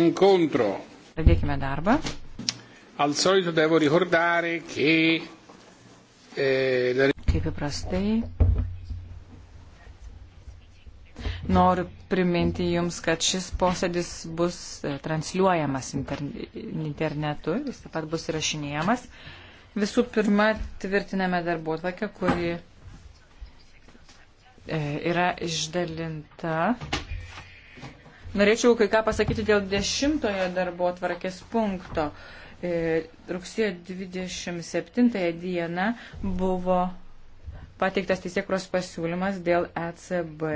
incontro. Pradėkime darbą. Al solito devo ricordare che... Eh, la... Kaip įprastai. Noriu priminti Jums, kad šis posėdis bus e, transliuojamas internetu, jis taip pat bus įrašinėjamas. Visų pirma, tvirtiname darbo tvarkę, kuri e, yra išdalinta Norėčiau kai ką pasakyti dėl dešimtojo darbo tvarkės punkto. E, rugsėjo 27 dieną buvo pateiktas teisėkros pasiūlymas dėl ECB.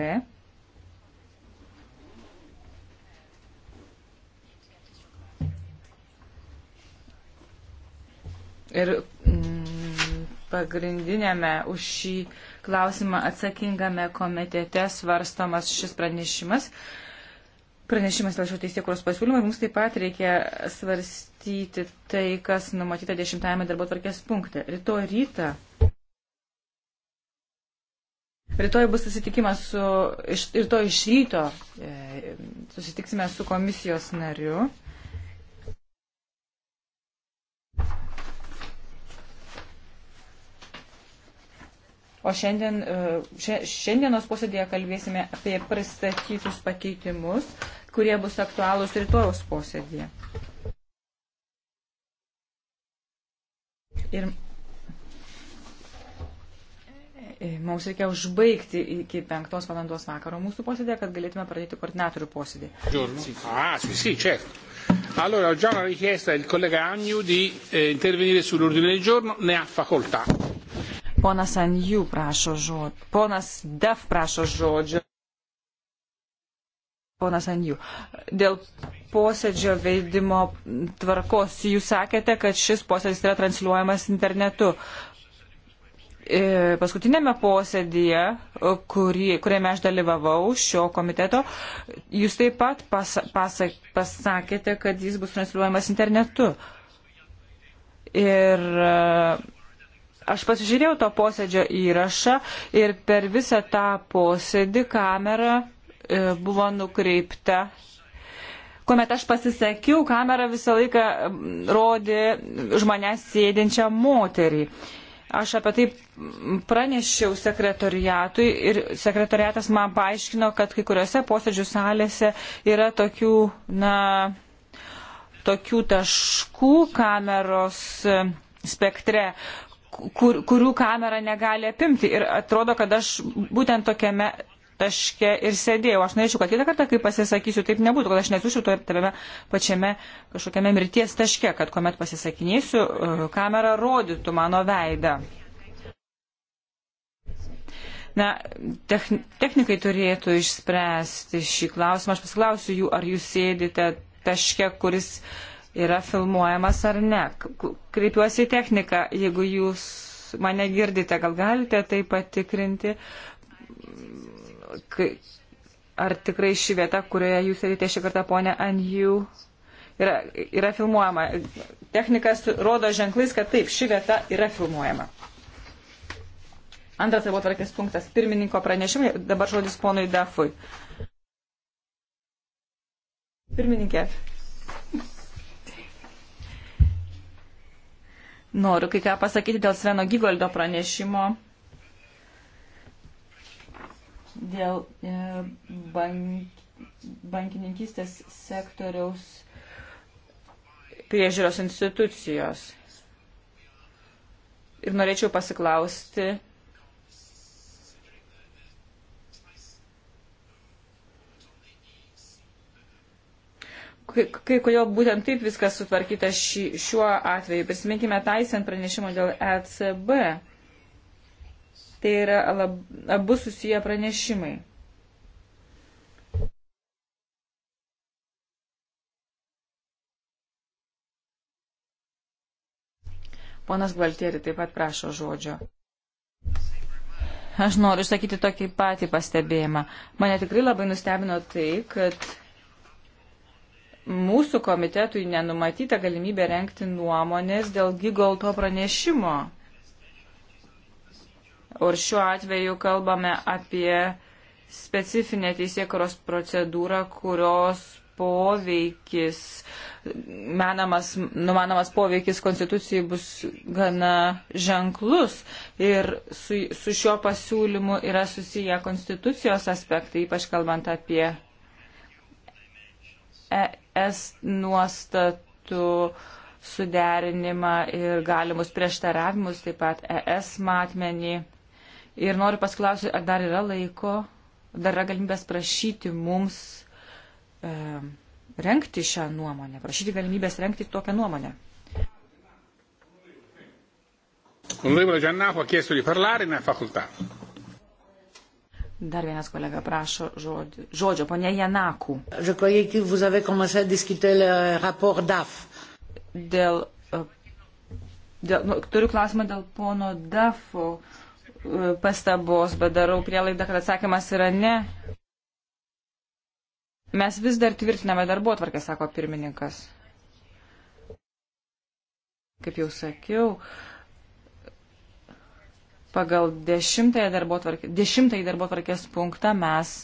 Ir mm, pagrindinėme už šį klausimą atsakingame komitete svarstomas šis pranešimas. E, pranešimas dėl šio teisėkuros pasiūlymo. Mums taip pat reikia svarstyti tai, kas numatyta dešimtajame darbo tvarkės punkte. Rytoj rytą. Rytoj bus susitikimas su, iš, rytoj iš ryto e, susitiksime su komisijos nariu. O šiandien, e, šiandienos posėdėje kalbėsime apie pristatytus pakeitimus kurie bus aktualūs rytojus posėdėje. Ir e, mums reikia užbaigti iki penktos valandos vakaro mūsų posėdė, kad galėtume pradėti koordinatorių posėdį. Ah, sì, sì, certo. Allora, ho già una richiesta del collega Agnew di eh, intervenire sull'ordine del giorno, ne ha facoltà. Ponas Anjų prašo žodžio. Ponas Def prašo žodžio. Ponas Anjų, dėl posėdžio veidimo tvarkos, jūs sakėte, kad šis posėdis yra transliuojamas internetu. E, paskutinėme posėdėje, e, kurį, kuriame aš dalyvavau šio komiteto, jūs taip pat pas, pasak, pasakėte, kad jis bus transliuojamas internetu. Ir e, Aš pasižiūrėjau to posėdžio įrašą ir per visą tą posėdį kamera E, buvo nukreipta. Kuomet aš pasisakiau, kamera visą laiką rodė už manęs sėdinčią moterį. Aš apie tai pranešiau sekretoriatui ir sekretoriatas man paaiškino, kad kai kuriuose posėdžių salėse yra tokių, na, tokių taškų kameros e, spektre, kur, kurių kamera negali apimti. Ir atrodo, kad aš būtent tokiame taške ir sėdėjau. Aš norėčiau, kad kitą kartą, kai pasisakysiu, taip nebūtų, kad aš nesušiu tame pačiame kažkokiame mirties taške, kad kuomet pasisakinėsiu, uh, kamera rodytų mano veidą. Na, techn technikai turėtų išspręsti šį klausimą. Aš pasiklausiu jų, ar jūs sėdite taške, kuris yra filmuojamas ar ne. Kreipiuosi į techniką, jeigu jūs mane girdite, gal galite tai patikrinti kai, ar tikrai ši vieta, kurioje jūs sėdite šį kartą, ponė Anjų, yra, yra filmuojama. Technikas rodo ženklais, kad taip, ši vieta yra filmuojama. Antras darbo tvarkės punktas - pirmininko pranešimai. Dabar žodis ponui Dafui. Pirmininkė. Noriu kai ką pasakyti dėl Sveno Gigoldo pranešimo dėl e, bank, bankininkystės sektoriaus priežiūros institucijos. Ir norėčiau pasiklausti, kai kodėl būtent taip viskas sutvarkyta ši, šiuo atveju. Prisiminkime Taisen pranešimą dėl ECB. Tai yra lab, abu susiję pranešimai. Ponas Gvaltieri taip pat prašo žodžio. Aš noriu išsakyti tokį patį pastebėjimą. Mane tikrai labai nustebino tai, kad mūsų komitetui nenumatyta galimybė renkti nuomonės dėl Gigolto pranešimo. O ir šiuo atveju kalbame apie specifinę teisėkuros procedūrą, kurios poveikis, menamas, numanomas poveikis konstitucijai bus gana ženklus ir su, su šiuo pasiūlymu yra susiję konstitucijos aspektai, ypač kalbant apie ES nuostatų suderinimą ir galimus prieštaravimus, taip pat ES matmenį Ir noriu pasiklausyti, ar dar yra laiko, dar yra galimybės prašyti mums e, renkti šią nuomonę, prašyti galimybės renkti tokią nuomonę. Onorevole Giannapo ha chiesto di parlare, ne ha facoltà. Dar vienas kolega prašo žodžio, žodžio ponia Janakų. Dėl, e, dėl, nu, turiu klausimą dėl pono Dafo pastabos, bet darau prielaidą, kad atsakymas yra ne. Mes vis dar tvirtiname darbo atvarkę, sako pirmininkas. Kaip jau sakiau, pagal dešimtąją darbo atvarkę, dešimtąjį darbo atvarkės punktą mes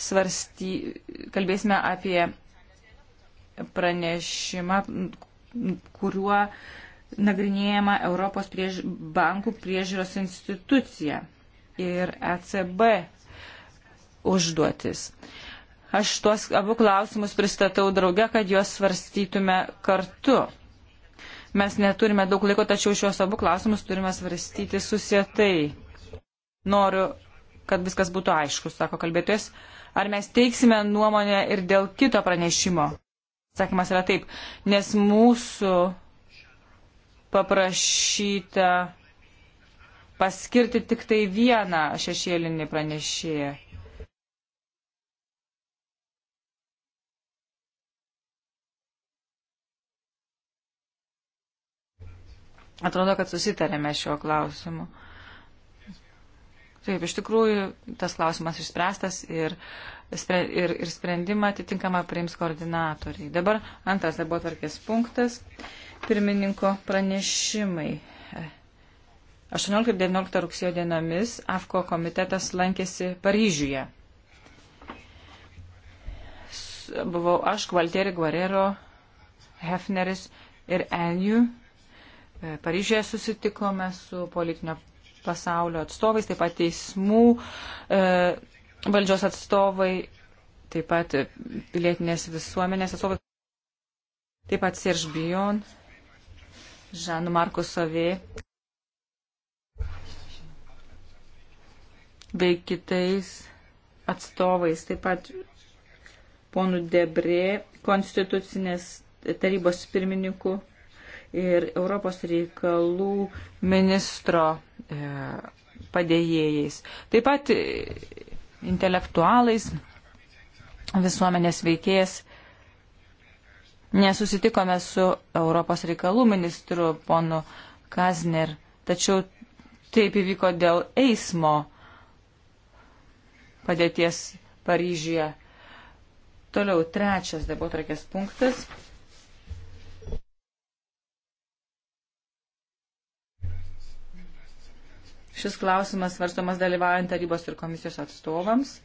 svarsty, kalbėsime apie pranešimą, kuriuo nagrinėjama Europos priež... bankų priežiūros institucija ir ECB užduotis. Aš tuos abu klausimus pristatau drauge, kad juos svarstytume kartu. Mes neturime daug laiko, tačiau šios abu klausimus turime svarstyti susietai. Noriu, kad viskas būtų aišku, sako kalbėtojas. Ar mes teiksime nuomonę ir dėl kito pranešimo? Sakymas yra taip, nes mūsų paprašyta paskirti tik tai vieną šešėlinį pranešėją. Atrodo, kad susitarėme šiuo klausimu. Taip, iš tikrųjų, tas klausimas išspręstas ir, ir, ir sprendimą atitinkamą priims koordinatoriai. Dabar antras darbo tvarkės punktas. Uh, Pirmininko pranešimai. 18 ir 19 rugsėjo dienomis AFKO komitetas lankėsi Paryžiuje. Buvau aš, Gvaltieri Guerrero, Hefneris ir Enju. Paryžiuje susitikome su politinio pasaulio atstovais, taip pat teismų e, valdžios atstovai, taip pat pilietinės visuomenės atstovai, taip pat Seržbijon Žanu Marku Savė bei kitais atstovais, taip pat ponų Debrė, konstitucinės tarybos pirmininku ir Europos reikalų ministro e, padėjėjais. Taip pat e, intelektualais, visuomenės veikėjas Nesusitikome su Europos reikalų ministru ponu Kazner, tačiau taip įvyko dėl eismo padėties Paryžiuje. Toliau trečias darbotrakės punktas. Šis klausimas svarstomas dalyvaujant tarybos ir komisijos atstovams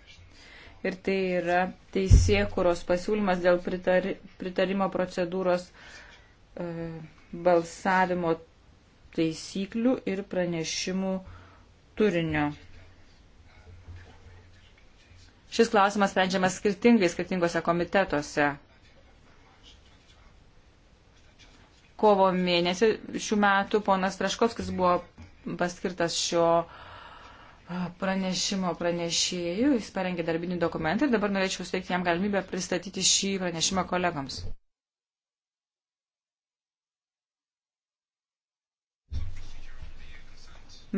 ir tai yra teisėkuros pasiūlymas dėl pritari, pritarimo procedūros e, balsavimo taisyklių ir pranešimų turinio. Šis klausimas sprendžiamas skirtingai skirtingose komitetuose. Kovo mėnesį šių metų ponas Traškovskis buvo paskirtas šio uh, pranešimo pranešėjų, jis parengė darbinį dokumentą ir dabar norėčiau suteikti jam galimybę pristatyti šį pranešimą kolegams.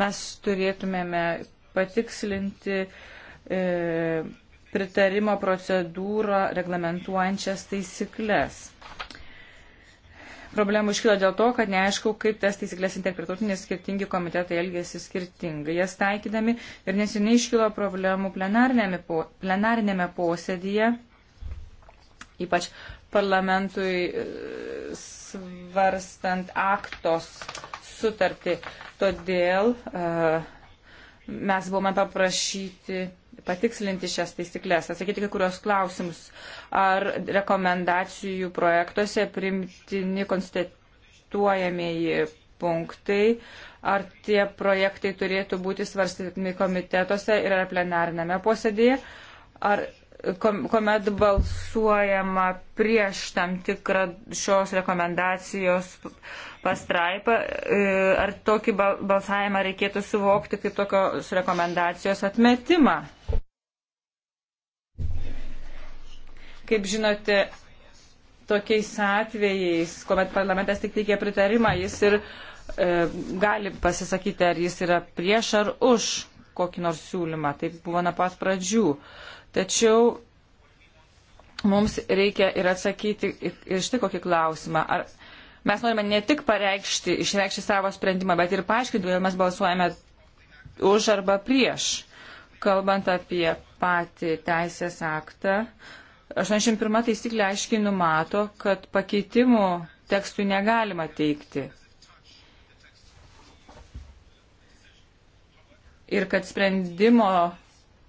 Mes turėtumėme patikslinti e, pritarimo procedūrą reglamentuojančias taisyklės. Problemų iškyla dėl to, kad neaišku, kaip tas taisyklės interpretuoti, nes skirtingi komitetai elgėsi skirtingai jas taikydami ir neseniai iškylo problemų plenarinėme, po, plenarinėme posėdyje, ypač parlamentui e, svarstant aktos sutartį. Todėl uh, mes buvome paprašyti patikslinti šias taisyklės, atsakyti kai kurios klausimus, ar rekomendacijų projektuose primtini konstatuojamieji punktai, ar tie projektai turėtų būti svarstytini komitetuose ir ar plenarinėme posėdėje, ar kuomet balsuojama prieš tam tikrą šios rekomendacijos pastraipą, e, ar tokį balsavimą reikėtų suvokti kaip tokios rekomendacijos atmetimą. Kaip žinote, tokiais atvejais, kuomet parlamentas tik teikia pritarimą, jis ir e, gali pasisakyti, ar jis yra prieš ar už kokį nors siūlymą. Taip buvo nuo pat pradžių. Tačiau mums reikia ir atsakyti ir štai kokį klausimą. Ar Mes norime ne tik pareikšti, išreikšti savo sprendimą, bet ir paaiškinti, kodėl mes balsuojame už arba prieš. Kalbant apie patį teisės aktą, 81 taisyklė aiškiai numato, kad pakeitimų tekstų negalima teikti. Ir kad sprendimo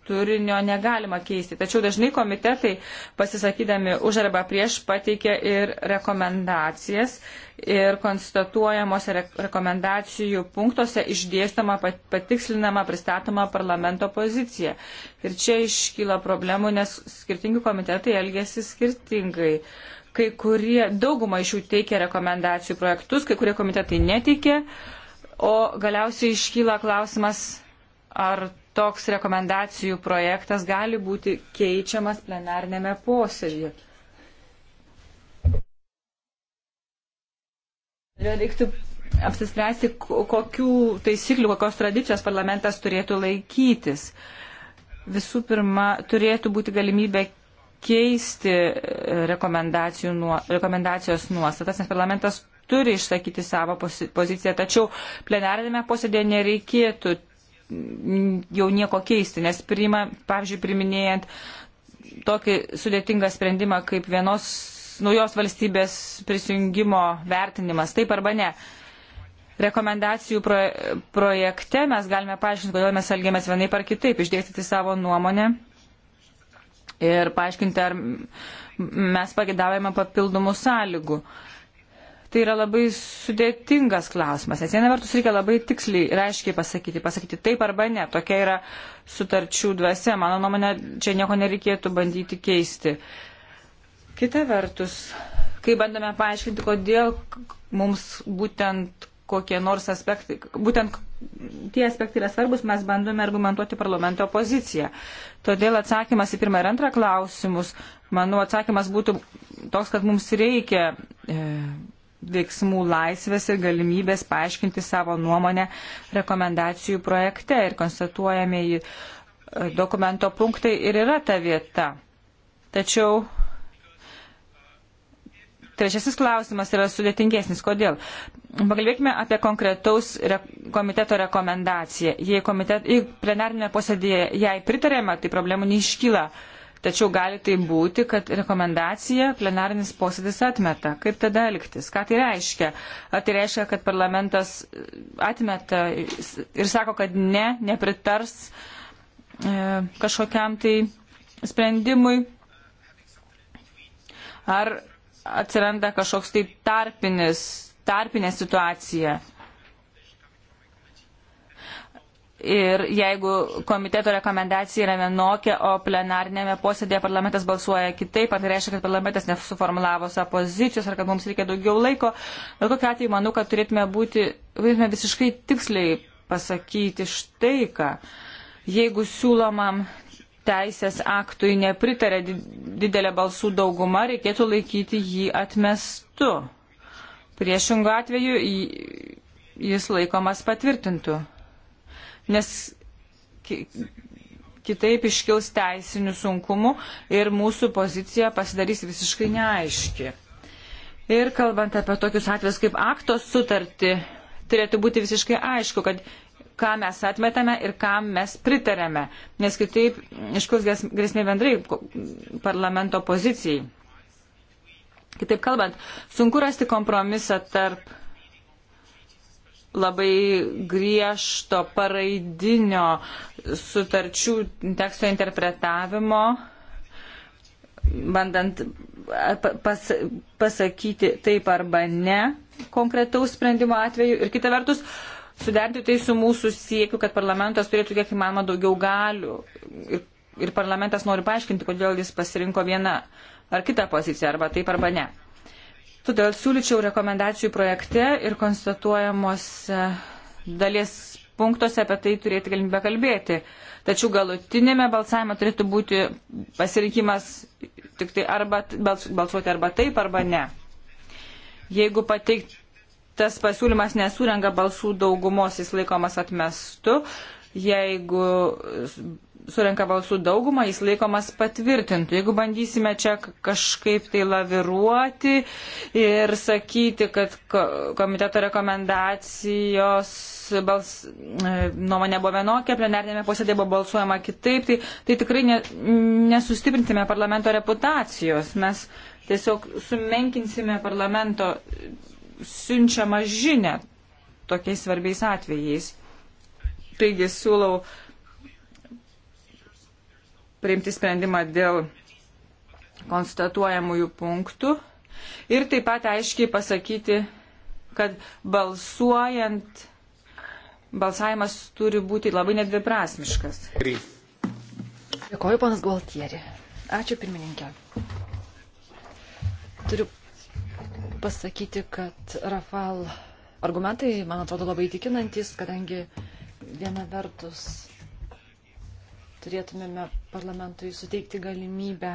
turinio negalima keisti. Tačiau dažnai komitetai pasisakydami už arba prieš pateikia ir rekomendacijas ir konstatuojamose rekomendacijų punktuose išdėstama, patikslinama, pristatoma parlamento pozicija. Ir čia iškyla problemų, nes skirtingi komitetai elgesi skirtingai. Kai kurie, dauguma iš jų teikia rekomendacijų projektus, kai kurie komitetai neteikia, o galiausiai iškyla klausimas, ar toks rekomendacijų projektas gali būti keičiamas plenarnėme posėdėje. Reiktų apsispręsti, kokių taisyklių, kokios tradicijos parlamentas turėtų laikytis. Visų pirma, turėtų būti galimybė keisti e, nuo, rekomendacijos nuostatas, nes parlamentas turi išsakyti savo poziciją, tačiau plenarinėme posėdėje nereikėtų jau nieko keisti, nes priima, pavyzdžiui, priminėjant tokį sudėtingą sprendimą kaip vienos naujos valstybės prisijungimo vertinimas, taip arba ne. Rekomendacijų pro, projekte mes galime paaiškinti, kodėl mes elgiamės vienaip ar kitaip, išdėstyti savo nuomonę ir paaiškinti, ar mes pagėdavome papildomų sąlygų. Uh, Tai yra labai sudėtingas klausimas, nes viena vertus reikia labai tiksliai ir aiškiai pasakyti, pasakyti taip arba ne, tokia yra sutarčių dvasia, mano nuomonė, čia nieko nereikėtų bandyti keisti. Kita vertus, kai bandome paaiškinti, kodėl mums būtent kokie nors aspektai, būtent tie aspektai yra svarbus, mes bandome argumentuoti parlamento poziciją. Todėl atsakymas į pirmą ir antrą klausimus, manau, atsakymas būtų toks, kad mums reikia e, veiksmų laisvės ir galimybės paaiškinti savo nuomonę rekomendacijų projekte ir konstatuojamieji dokumento punktai ir yra ta vieta. Tačiau trečiasis klausimas yra sudėtingesnis. Kodėl? Pakalbėkime apie konkretaus re komiteto rekomendaciją. Jei, komitet, jei plenarinė posėdėje jai pritarėme, tai problemų neiškyla. Uh, Tačiau gali tai būti, kad rekomendacija plenarinis posėdis atmeta. Kaip tada elgtis? Ką tai reiškia? Ar tai reiškia, kad parlamentas e, atmeta ir sako, kad ne, nepritars e, kažkokiam tai sprendimui? Ar atsiranda kažkoks tai tarpinis, tarpinė situacija? Ir jeigu komiteto rekomendacija yra vienokia, o plenarnėme posėdėje parlamentas balsuoja kitaip, ar tai reiškia, kad parlamentas nesuformulavo savo pozicijos, ar kad mums reikia daugiau laiko, bet kokiu atveju manau, kad turėtume būti, turėtume visiškai tiksliai pasakyti štai ką. Jeigu siūlomam teisės aktui nepritarė didelė balsų dauguma, reikėtų laikyti jį atmestu. Priešingų atveju jis laikomas patvirtintų nes kitaip iškils teisinių sunkumų ir mūsų pozicija pasidarys visiškai neaiški. Ir kalbant apie tokius atvejus kaip aktos sutartį, turėtų būti visiškai aišku, kad ką mes atmetame ir kam mes pritarėme, nes kitaip iškils grėsmė bendrai parlamento pozicijai. Kitaip kalbant, sunku rasti kompromisą tarp labai griežto paraidinio sutarčių teksto interpretavimo, bandant pas, pasakyti taip arba ne konkretaus sprendimo atveju. Ir kita vertus, suderinti tai su mūsų siekiu, kad parlamentas turėtų kiek įmanoma daugiau galių. Ir, ir parlamentas nori paaiškinti, kodėl jis pasirinko vieną ar kitą poziciją, arba taip arba ne. Todėl siūlyčiau rekomendacijų projekte ir konstatuojamos dalies punktuose apie tai turėti galimybę kalbėti. Tačiau galutinėme balsavime turėtų būti pasirinkimas tik tai arba balsuoti arba taip, arba ne. Jeigu pateiktas pasiūlymas nesurenga balsų daugumos, jis laikomas atmestu. Jeigu surenka balsų daugumą, jis laikomas patvirtintų. Jeigu bandysime čia kažkaip tai laviruoti ir sakyti, kad komiteto rekomendacijos bals, e, nuomonė buvo vienokia, plenarnėme posėdėje buvo balsuojama kitaip, tai, tai tikrai ne, nesustiprintume parlamento reputacijos. Mes tiesiog sumenkinsime parlamento siunčiamą žinę tokiais svarbiais atvejais. Taigi siūlau uh, priimti sprendimą dėl konstatuojamųjų punktų ir taip pat aiškiai pasakyti, kad balsuojant balsavimas turi būti labai nedviprasmiškas. Dėkoju, panas Gualtieri. Ačiū pirmininkė. Turiu pasakyti, kad Rafal argumentai, man atrodo, labai įtikinantis, kadangi viena vertus turėtumėme parlamentui suteikti galimybę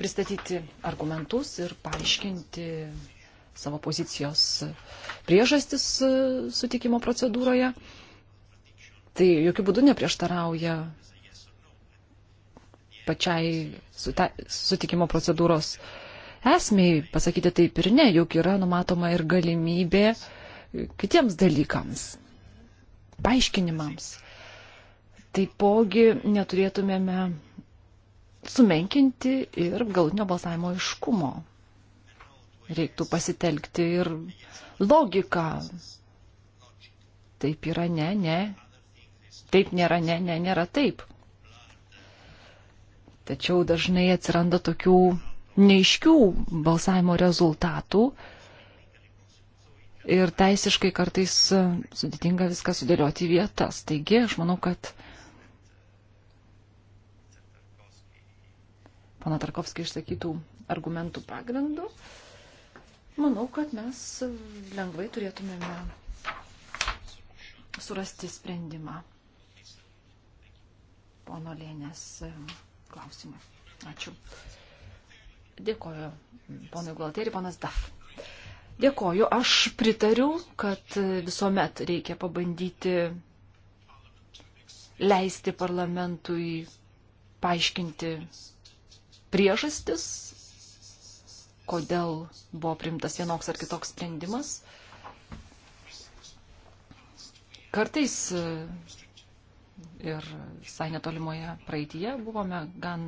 pristatyti argumentus ir paaiškinti savo pozicijos priežastis e, sutikimo procedūroje. Tai jokių būdų neprieštarauja pačiai sutikimo procedūros esmiai pasakyti taip ir ne, juk yra numatoma ir galimybė kitiems dalykams, paaiškinimams taipogi neturėtumėme sumenkinti ir galutinio balsavimo iškumo. Reiktų pasitelkti ir logiką. Taip yra ne, ne. Taip nėra ne, ne, nėra taip. Tačiau dažnai atsiranda tokių neiškių balsavimo rezultatų ir teisiškai kartais sudėtinga viską sudėlioti vietas. Taigi aš manau, kad pana Tarkovskį išsakytų argumentų pagrindų, manau, kad mes lengvai turėtumėme surasti sprendimą pono Lėnės klausimą. Ačiū. Dėkoju ponui Gualterį, ponas Daf. Dėkoju, aš pritariu, kad visuomet reikia pabandyti leisti parlamentui paaiškinti priežastis, kodėl buvo primtas vienoks ar kitoks sprendimas. Kartais ir visai netolimoje praeitie buvome gan,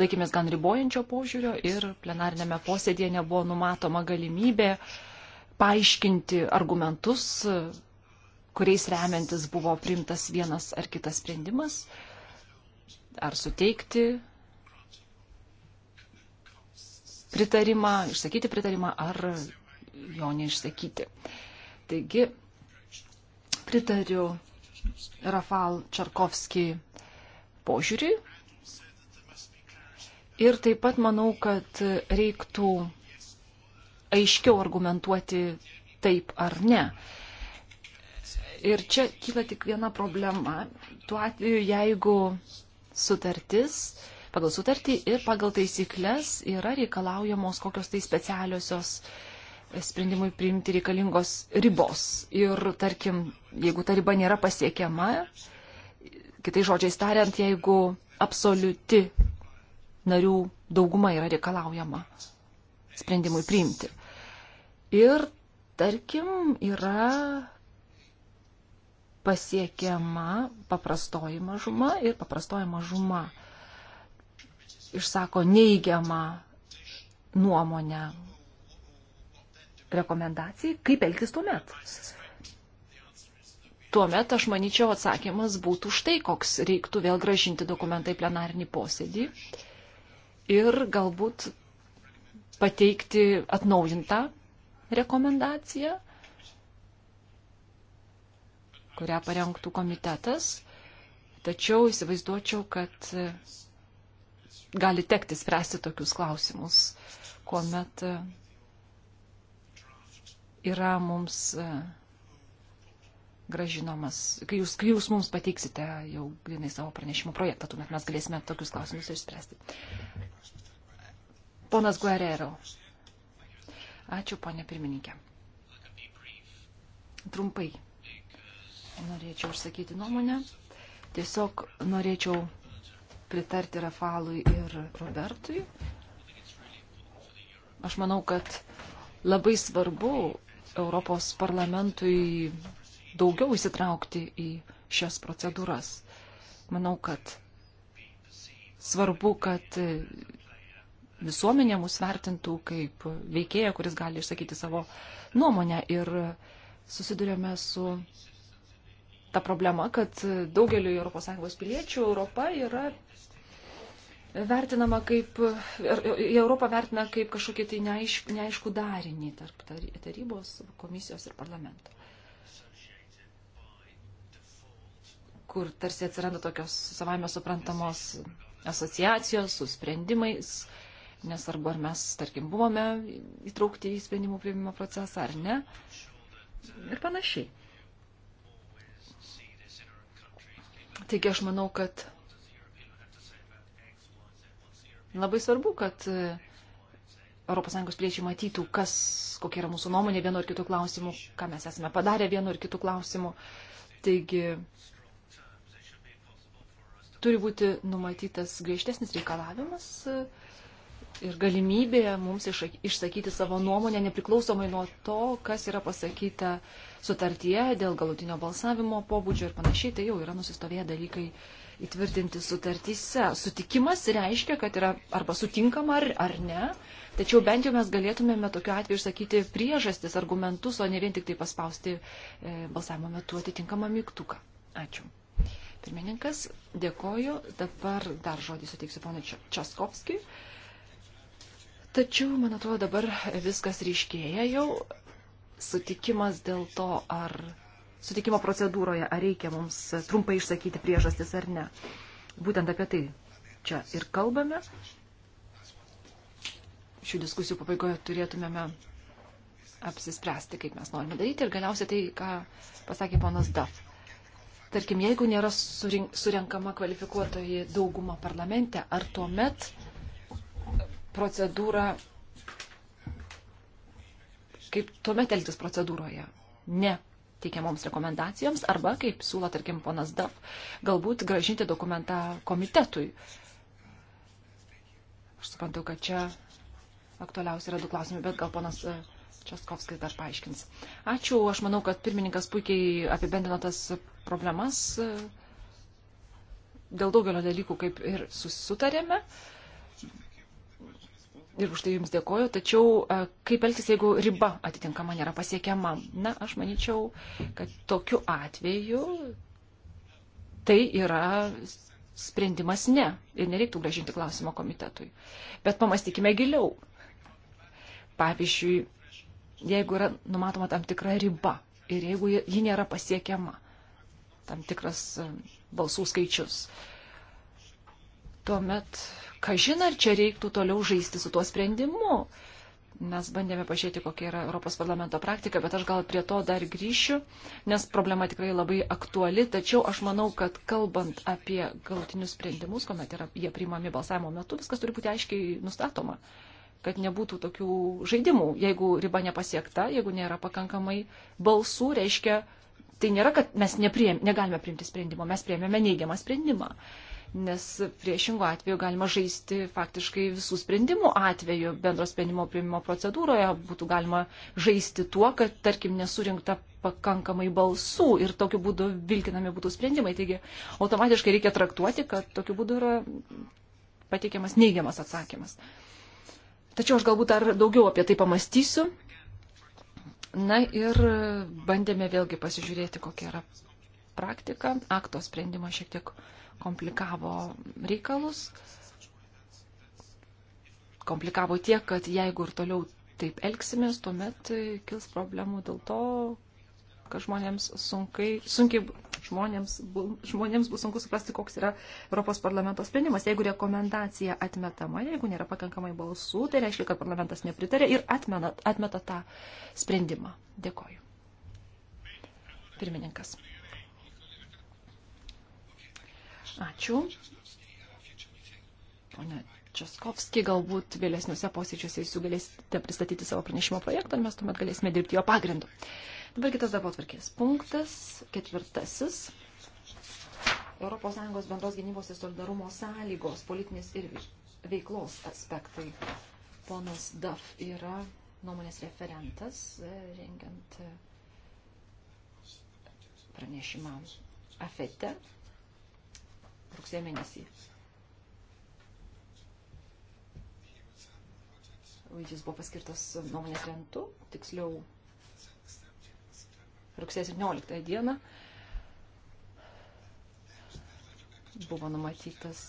laikėmės gan ribojančio požiūrio ir plenarinėme posėdėje nebuvo numatoma galimybė paaiškinti argumentus, kuriais remiantis buvo primtas vienas ar kitas sprendimas, ar suteikti pritarimą, išsakyti pritarimą ar jo neišsakyti. Taigi, pritariu Rafal Čarkovski požiūriui. Ir taip pat manau, kad reiktų aiškiau argumentuoti taip ar ne. Ir čia kyla tik viena problema. Tuo atveju, jeigu sutartis pagal sutartį ir pagal taisyklės yra reikalaujamos kokios tai specialiosios sprendimui priimti reikalingos ribos. Ir tarkim, jeigu ta riba nėra pasiekiama, kitai žodžiai tariant, jeigu absoliuti narių dauguma yra reikalaujama sprendimui priimti. Ir tarkim, yra pasiekiama paprastoji mažuma ir paprastoji mažuma išsako neigiamą nuomonę rekomendacijai, kaip elgtis tuomet? Tuomet, aš manyčiau, atsakymas būtų štai, koks reiktų vėl gražinti dokumentai plenarinį posėdį ir galbūt pateikti atnaujintą rekomendaciją, kurią parengtų komitetas. Tačiau įsivaizduočiau, kad gali tekti spręsti tokius klausimus, kuomet e, yra mums e, gražinamas, kai jūs, kai jūs mums pateiksite jau grinai savo pranešimo projektą, tuomet mes galėsime tokius klausimus išspręsti. Ponas Guerrero. Ačiū, ponė pirmininkė. Trumpai norėčiau užsakyti nuomonę. Tiesiog norėčiau pritarti Rafalui ir Robertui. Aš manau, kad labai svarbu Europos parlamentui daugiau įsitraukti į šias procedūras. Manau, kad svarbu, kad visuomenė mus vertintų kaip veikėją, kuris gali išsakyti savo nuomonę. Ir susidurėme su ta problema, kad daugeliu ES piliečių Europa yra vertinama kaip, er, e, Europą vertina kaip kažkokį tai neaišk, neaiškų darinį tarp tarybos, komisijos ir parlamento. Kur tarsi atsiranda tokios savaime suprantamos asociacijos su sprendimais, nesvarbu ar mes, tarkim, buvome įtraukti į sprendimų priimimo procesą ar ne. Ir panašiai. Taigi aš manau, kad labai svarbu, kad ES piliečiai matytų, kas, kokia yra mūsų nuomonė vienu ar kitu klausimu, ką mes esame padarę vienu ar kitu klausimu. Taigi turi būti numatytas griežtesnis reikalavimas uh, ir galimybė mums išsakyti savo nuomonę nepriklausomai nuo to, kas yra pasakyta sutartyje dėl galutinio balsavimo pobūdžio ir panašiai, tai jau yra nusistovėję dalykai įtvirtinti sutartyse. Sutikimas reiškia, kad yra arba sutinkama ar, ar ne, tačiau bent jau mes galėtumėme tokiu atveju išsakyti priežastis, argumentus, o ne vien tik tai paspausti e, balsavimo metu atitinkamą mygtuką. Ačiū. Pirmininkas, dėkoju. Dabar dar žodį suteiksiu ponui Českovskijui. Tačiau, man atrodo, dabar viskas ryškėja jau. Sutikimas dėl to, ar sutikimo procedūroje, ar reikia mums trumpai išsakyti priežastis ar ne. Būtent apie tai čia ir kalbame. Šių diskusijų pabaigoje turėtumėme apsispręsti, kaip mes norime daryti ir galiausiai tai, ką pasakė ponas Daf. Tarkim, jeigu nėra surink, surenkama kvalifikuotoji dauguma parlamente, ar tuomet met procedūrą, kaip tuomet elgtis procedūroje. Ne teikiamoms rekomendacijoms arba, kaip siūlo, tarkim, ponas Daf, galbūt gražinti dokumentą komitetui. Aš suprantu, kad čia aktualiausia yra du klausimai, bet gal ponas e, Českovskis dar paaiškins. Ačiū, aš manau, kad pirmininkas puikiai apibendino tas problemas e, dėl daugelio dalykų, kaip ir susitarėme. Uh, ir už tai jums dėkoju, tačiau e, kaip elgtis, jeigu riba atitinkama nėra pasiekiama? Na, aš manyčiau, kad tokiu atveju tai yra sprendimas ne ir nereiktų gražinti klausimo komitetui. Bet pamastykime giliau. Pavyzdžiui, jeigu yra numatoma tam tikra riba ir jeigu ji nėra pasiekiama, tam tikras e, balsų skaičius, tuomet Kažin ar čia reiktų toliau žaisti su tuo sprendimu. Mes bandėme pažiūrėti, kokia yra Europos parlamento praktika, bet aš gal prie to dar grįšiu, nes problema tikrai labai aktuali, tačiau aš manau, kad kalbant apie galtinius sprendimus, kuomet yra jie priimami balsavimo metu, viskas turi būti aiškiai nustatoma kad nebūtų tokių žaidimų. Jeigu riba nepasiekta, jeigu nėra pakankamai balsų, reiškia, tai nėra, kad mes nepriėm, negalime priimti sprendimo, mes priėmėme neigiamą sprendimą. Uh, nes priešingų atveju galima žaisti faktiškai visų sprendimų atveju. Bendro sprendimo priimimo procedūroje būtų galima žaisti tuo, kad, tarkim, nesurinkta pakankamai balsų ir tokiu būdu vilkinami būtų sprendimai. Taigi automatiškai reikia traktuoti, kad tokiu būdu yra pateikiamas neigiamas atsakymas. Tačiau aš galbūt dar daugiau apie tai pamastysiu. Na ir bandėme vėlgi pasižiūrėti, kokia yra praktika. Akto sprendimas šiek tiek komplikavo reikalus. Komplikavo tiek, kad jeigu ir toliau taip elgsimės, tuomet e, kils problemų dėl to, kad žmonėms, sunkai, sunkiai, žmonėms, žmonėms bus sunku suprasti, koks yra Europos parlamento sprendimas. Jeigu rekomendacija atmetama, jeigu nėra pakankamai balsų, tai reiškia, kad parlamentas nepritarė ir atmena, atmeta tą sprendimą. Dėkoju. Pirmininkas. Ačiū. Pone Českovski, galbūt vėlesniuose posėdžiuose jūs galėsite pristatyti savo pranešimo projektą ir mes tuomet galėsime dirbti jo pagrindu. Dabar kitas darbo atvarkės punktas, ketvirtasis. ES bendros gynybos ir solidarumo sąlygos, politinės ir veiklos aspektai. Ponas Daf yra nuomonės referentas, e, rengiant e, pranešimą afete rugsėjo mėnesį. Jis buvo paskirtas nuomonės rentu, tiksliau rugsėjo 17 dieną. Buvo numatytas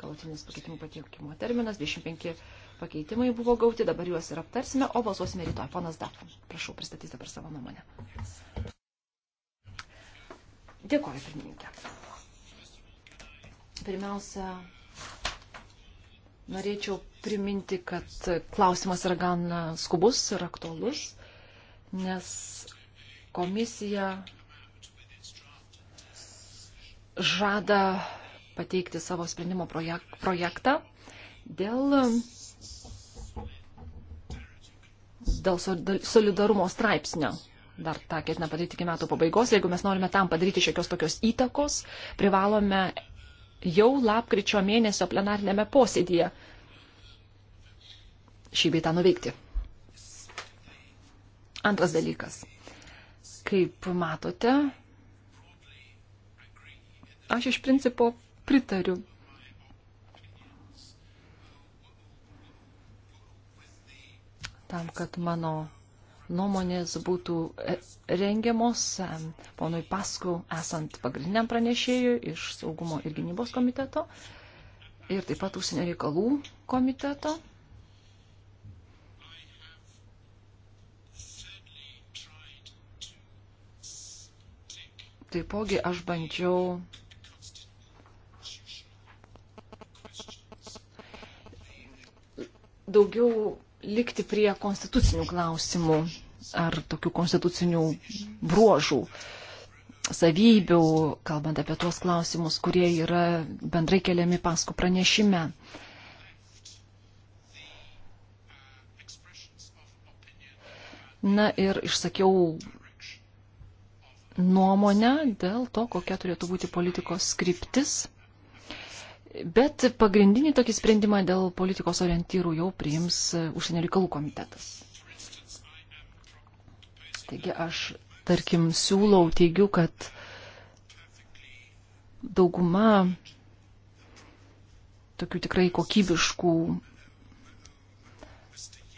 galutinis pakeitimų pateikimo terminas, 25 pakeitimai buvo gauti, dabar juos ir aptarsime, o balsuosime rytoj. Ponas Daf, prašau, pristatys dabar savo nuomonę. Dėkoju, pirmininkė. Pirmiausia, norėčiau priminti, kad klausimas yra gan skubus ir aktualus, nes komisija žada pateikti savo sprendimo projektą dėl, dėl solidarumo straipsnio dar tą ketina padaryti iki metų pabaigos. Jeigu mes norime tam padaryti šiokios tokios įtakos, privalome jau lapkričio mėnesio plenarinėme posėdėje šį beitą nuveikti. Antras dalykas. Kaip matote, aš iš principo pritariu tam, kad mano nuomonės būtų rengiamos ponui Pasku, esant pagrindiniam pranešėjui iš saugumo ir gynybos komiteto ir taip pat užsienio reikalų komiteto. Taipogi aš bandžiau daugiau likti prie konstitucinių klausimų ar tokių konstitucinių bruožų, savybių, kalbant apie tuos klausimus, kurie yra bendrai keliami paskų pranešime. Na ir išsakiau nuomonę dėl to, kokia turėtų būti politikos skriptis Bet pagrindinį tokį sprendimą dėl politikos orientyrų jau priims e, užsienio reikalų komitetas. Taigi aš, tarkim, siūlau, teigiu, kad dauguma tokių tikrai kokybiškų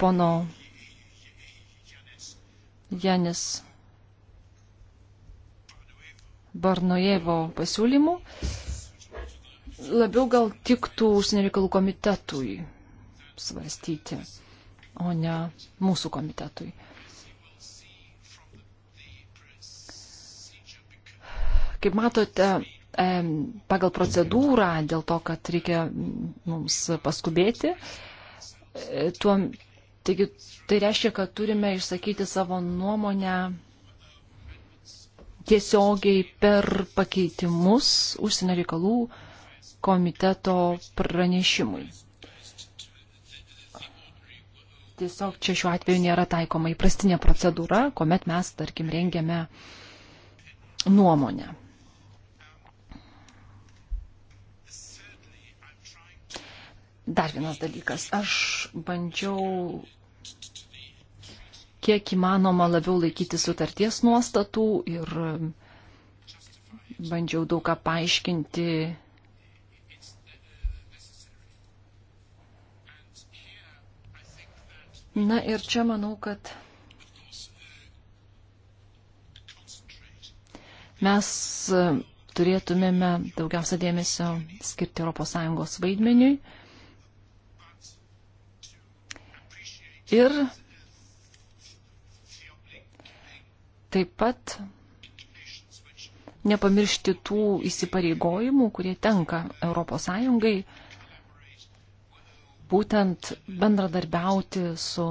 pono Janis Barnojevo pasiūlymų labiau gal tiktų užsienio reikalų komitetui svarstyti, o ne mūsų komitetui. Kaip matote, pagal procedūrą, dėl to, kad reikia mums paskubėti, e, tuo, taigi, tai reiškia, kad turime išsakyti savo nuomonę tiesiogiai per pakeitimus užsienio reikalų komitetui komiteto pranešimui. Tiesiog čia šiuo atveju nėra taikoma įprastinė procedūra, kuomet mes, tarkim, rengiame nuomonę. Dar vienas dalykas. Aš bandžiau kiek įmanoma labiau laikyti sutarties nuostatų ir bandžiau daug ką paaiškinti Na ir čia manau, kad mes turėtumėme daugiausia dėmesio skirti ES vaidmeniui. Ir taip pat nepamiršti tų įsipareigojimų, kurie tenka ES būtent bendradarbiauti su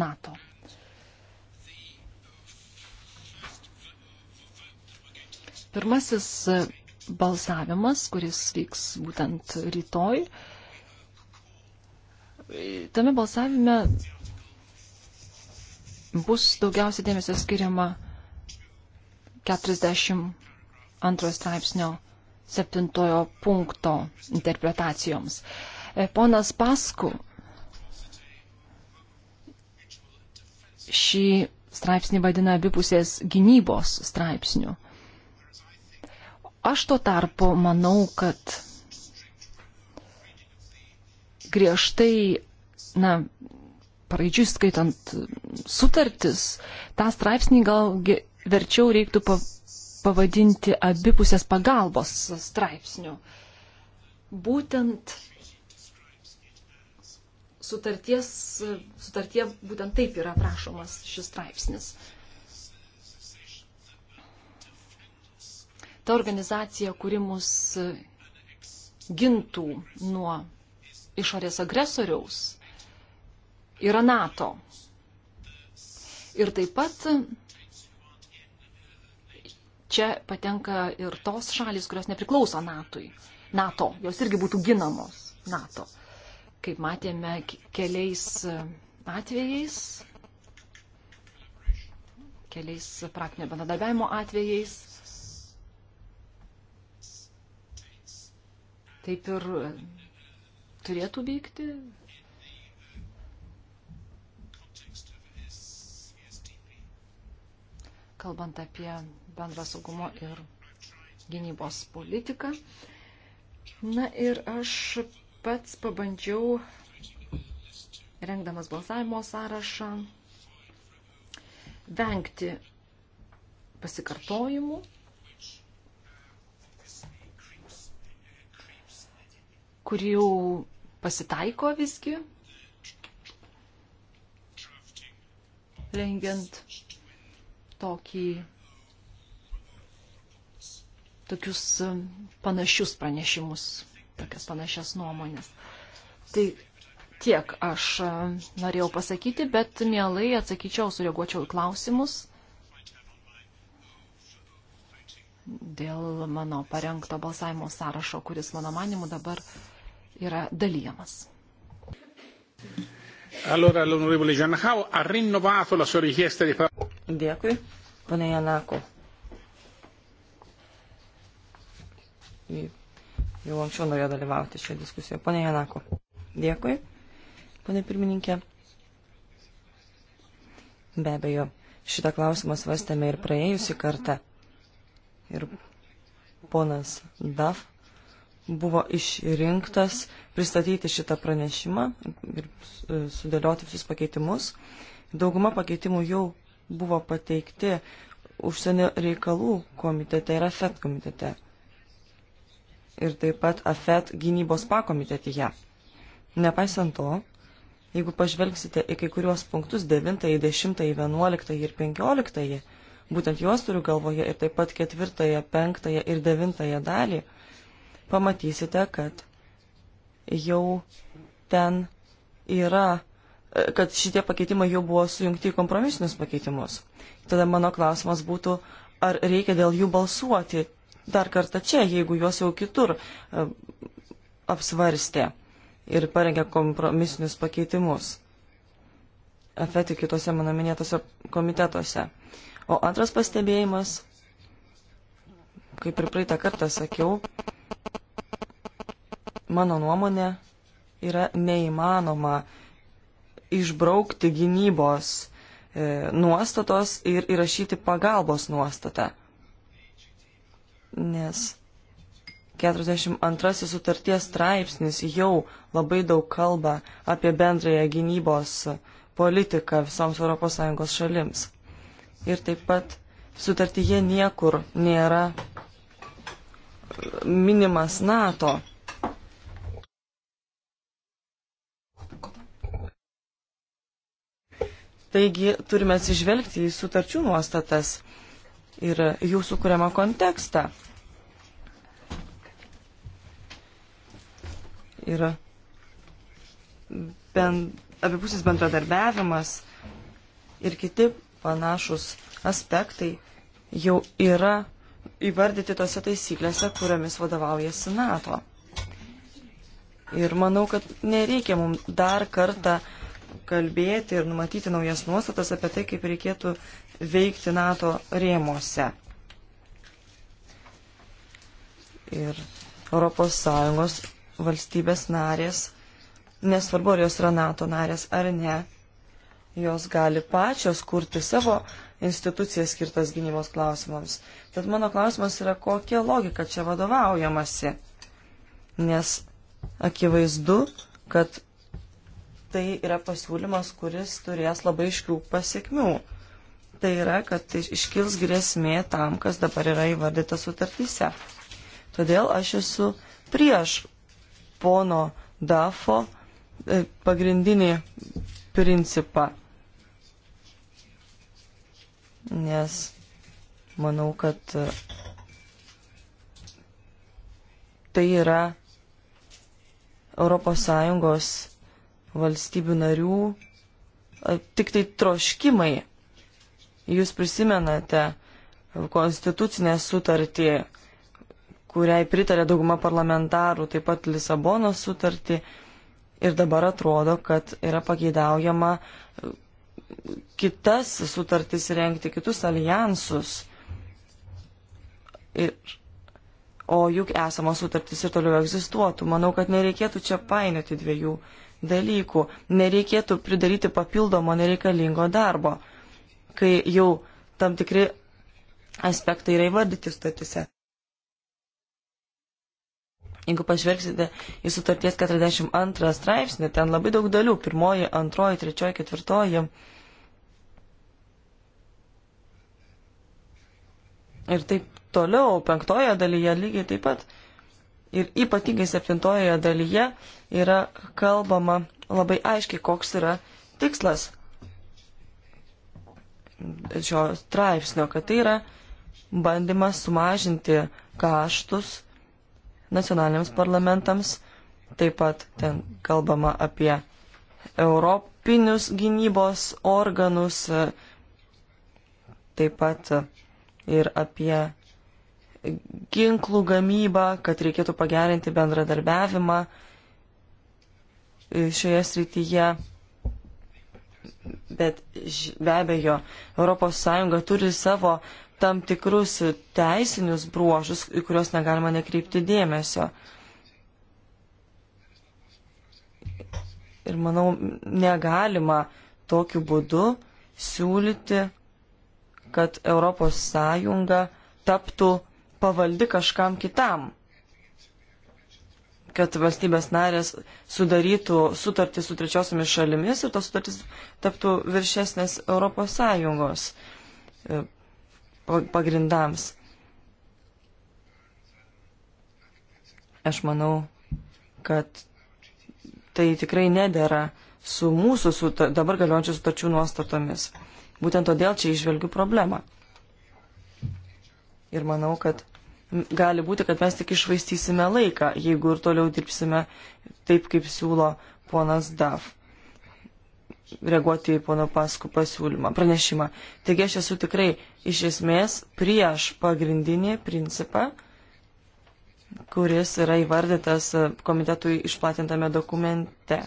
NATO. Pirmasis balsavimas, kuris vyks būtent rytoj, tame balsavime bus daugiausiai dėmesio skiriama 42 straipsnio 7 punkto interpretacijoms. E, ponas Pasku šį straipsnį vadina abipusės gynybos straipsniu. Aš tuo tarpu manau, kad griežtai, na, paraidžiui skaitant sutartis, tą straipsnį gal verčiau reiktų pavadinti abipusės pagalbos straipsniu. Būtent sutarties, sutartie būtent taip yra prašomas šis straipsnis. Ta organizacija, kuri mus gintų nuo išorės agresoriaus, yra NATO. Ir taip pat čia patenka ir tos šalis, kurios nepriklauso NATOi. NATO, jos irgi būtų ginamos NATO kaip matėme, keliais e, atvejais, keliais praktinio bendradarbiavimo atvejais. Taip ir turėtų vykti. Kalbant apie bendrą saugumo ir gynybos politiką. Na ir aš pats pabandžiau, rengdamas balsavimo sąrašą, vengti pasikartojimų. kurių pasitaiko visgi, rengiant tokį, tokius panašius pranešimus tokias panašias nuomonės. Tai tiek aš e, norėjau pasakyti, bet mielai atsakyčiau, sureaguočiau į klausimus dėl mano parengto balsavimo sąrašo, kuris mano manimu dabar yra dalyjamas. Allora, l'onorevole Giannacau ha rinnovato la sua richiesta di parola. Dėkui, pane Janako jau anksčiau norėjo dalyvauti šioje diskusijoje. Pone Janako, dėkui, pone pirmininkė. Be abejo, šitą klausimą svastėme ir praėjusi kartą. Ir ponas Daf buvo išrinktas pristatyti šitą pranešimą ir sudėlioti visus pakeitimus. Dauguma pakeitimų jau buvo pateikti užsienio reikalų komitete ir AFET komitete ir taip pat AFET gynybos pakomitetyje. Nepaisant to, jeigu pažvelgsite į kai kuriuos punktus 9, 10, 11 ir 15, būtent juos turiu galvoje ir taip pat 4, 5 ir 9 dalį, pamatysite, kad jau ten yra, kad šitie pakeitimai jau buvo sujungti į kompromisinius pakeitimus. Tada mano klausimas būtų, ar reikia dėl jų balsuoti dar kartą čia, jeigu juos jau kitur e, apsvarstė ir parengė kompromisinius pakeitimus. Efeti kitose mano minėtose komitetuose. O antras pastebėjimas, kaip ir praeitą kartą sakiau, mano nuomonė yra neįmanoma išbraukti gynybos e, nuostatos ir įrašyti pagalbos nuostatą nes 42 sutarties straipsnis jau labai daug kalba apie bendrąją gynybos politiką visoms ES šalims. Ir taip pat sutartyje niekur nėra minimas NATO. Taigi turime atsižvelgti į sutarčių nuostatas ir jų sukūriamą kontekstą. Ir ben, abipusis bendradarbiavimas ir kiti panašus aspektai jau yra įvardyti tose taisyklėse, kuriamis vadovaujasi NATO. Ir manau, kad nereikia mums dar kartą uh, kalbėti ir numatyti naujas nuostatas apie tai, kaip reikėtų veikti NATO rėmose. Ir ES valstybės narės, nesvarbu, ar jos yra NATO narės ar ne, jos gali pačios kurti savo institucijas skirtas gynybos klausimams. Tad mano klausimas yra, kokia logika čia vadovaujamasi. Nes akivaizdu, kad tai yra pasiūlymas, kuris turės labai iškių pasiekmių. Tai yra, kad tai iškils grėsmė tam, kas dabar yra įvardyta sutartyse. Todėl aš esu prieš pono Dafo e, pagrindinį principą. Nes manau, kad e, tai yra ES valstybių narių tik tai troškimai. Jūs prisimenate konstitucinę sutartį, kuriai pritarė dauguma parlamentarų, taip pat Lisabono sutartį. Ir dabar atrodo, kad yra pageidaujama kitas sutartis renkti, kitus alijansus. Ir, o juk esamos sutartis ir toliau egzistuotų. Manau, kad nereikėtų čia painioti dviejų uh, dalykų. Nereikėtų pridaryti papildomo nereikalingo darbo, kai jau tam tikri aspektai yra įvardyti statise. Jeigu pažvelgsite į sutarties 42 straipsnį, ten labai daug dalių - pirmoji, antroji, trečioji, ketvirtoji. Ir taip toliau, penktoje dalyje lygiai taip pat Ir ypatingai septintojoje dalyje yra kalbama labai aiškiai, koks yra tikslas šio straipsnio, kad tai yra bandymas sumažinti kaštus nacionaliniams parlamentams, taip pat ten kalbama apie europinius gynybos organus, taip pat ir apie ginklų gamybą, kad reikėtų pagerinti bendradarbiavimą e, šioje srityje. Bet be abejo, ES turi savo tam tikrus teisinius bruožus, į kuriuos negalima nekreipti dėmesio. Ir manau, negalima tokiu būdu siūlyti, kad ES taptų pavaldi kažkam kitam, kad valstybės narės sudarytų sutartį su trečiosiomis šalimis ir tos sutartys taptų viršesnės Europos Sąjungos e, pagrindams. Aš manau, kad tai tikrai nedėra su mūsų suta, dabar galiojančių sutarčių nuostatomis. Būtent todėl čia išvelgiu problemą. Ir manau, kad gali būti, kad mes tik išvaistysime laiką, jeigu ir toliau dirbsime taip, kaip siūlo ponas DAF reaguoti į pono paskų pasiūlymą, pranešimą. Taigi aš esu tikrai iš esmės prieš pagrindinį principą, kuris yra įvardytas komitetui išplatintame dokumente.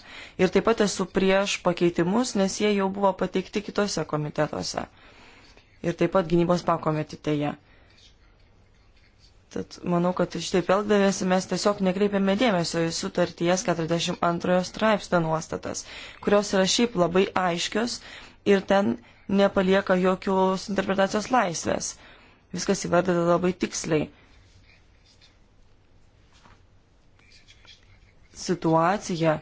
Ir taip pat esu prieš pakeitimus, nes jie jau buvo pateikti kitose komitetuose. Ir taip pat gynybos pakomitėje. Tad manau, kad iš taip elgdavėsi mes tiesiog nekreipiame dėmesio į sutarties 42 straipsnio nuostatas, kurios yra šiaip labai aiškios ir ten nepalieka jokios interpretacijos laisvės. Viskas įvardėta labai tiksliai. Situacija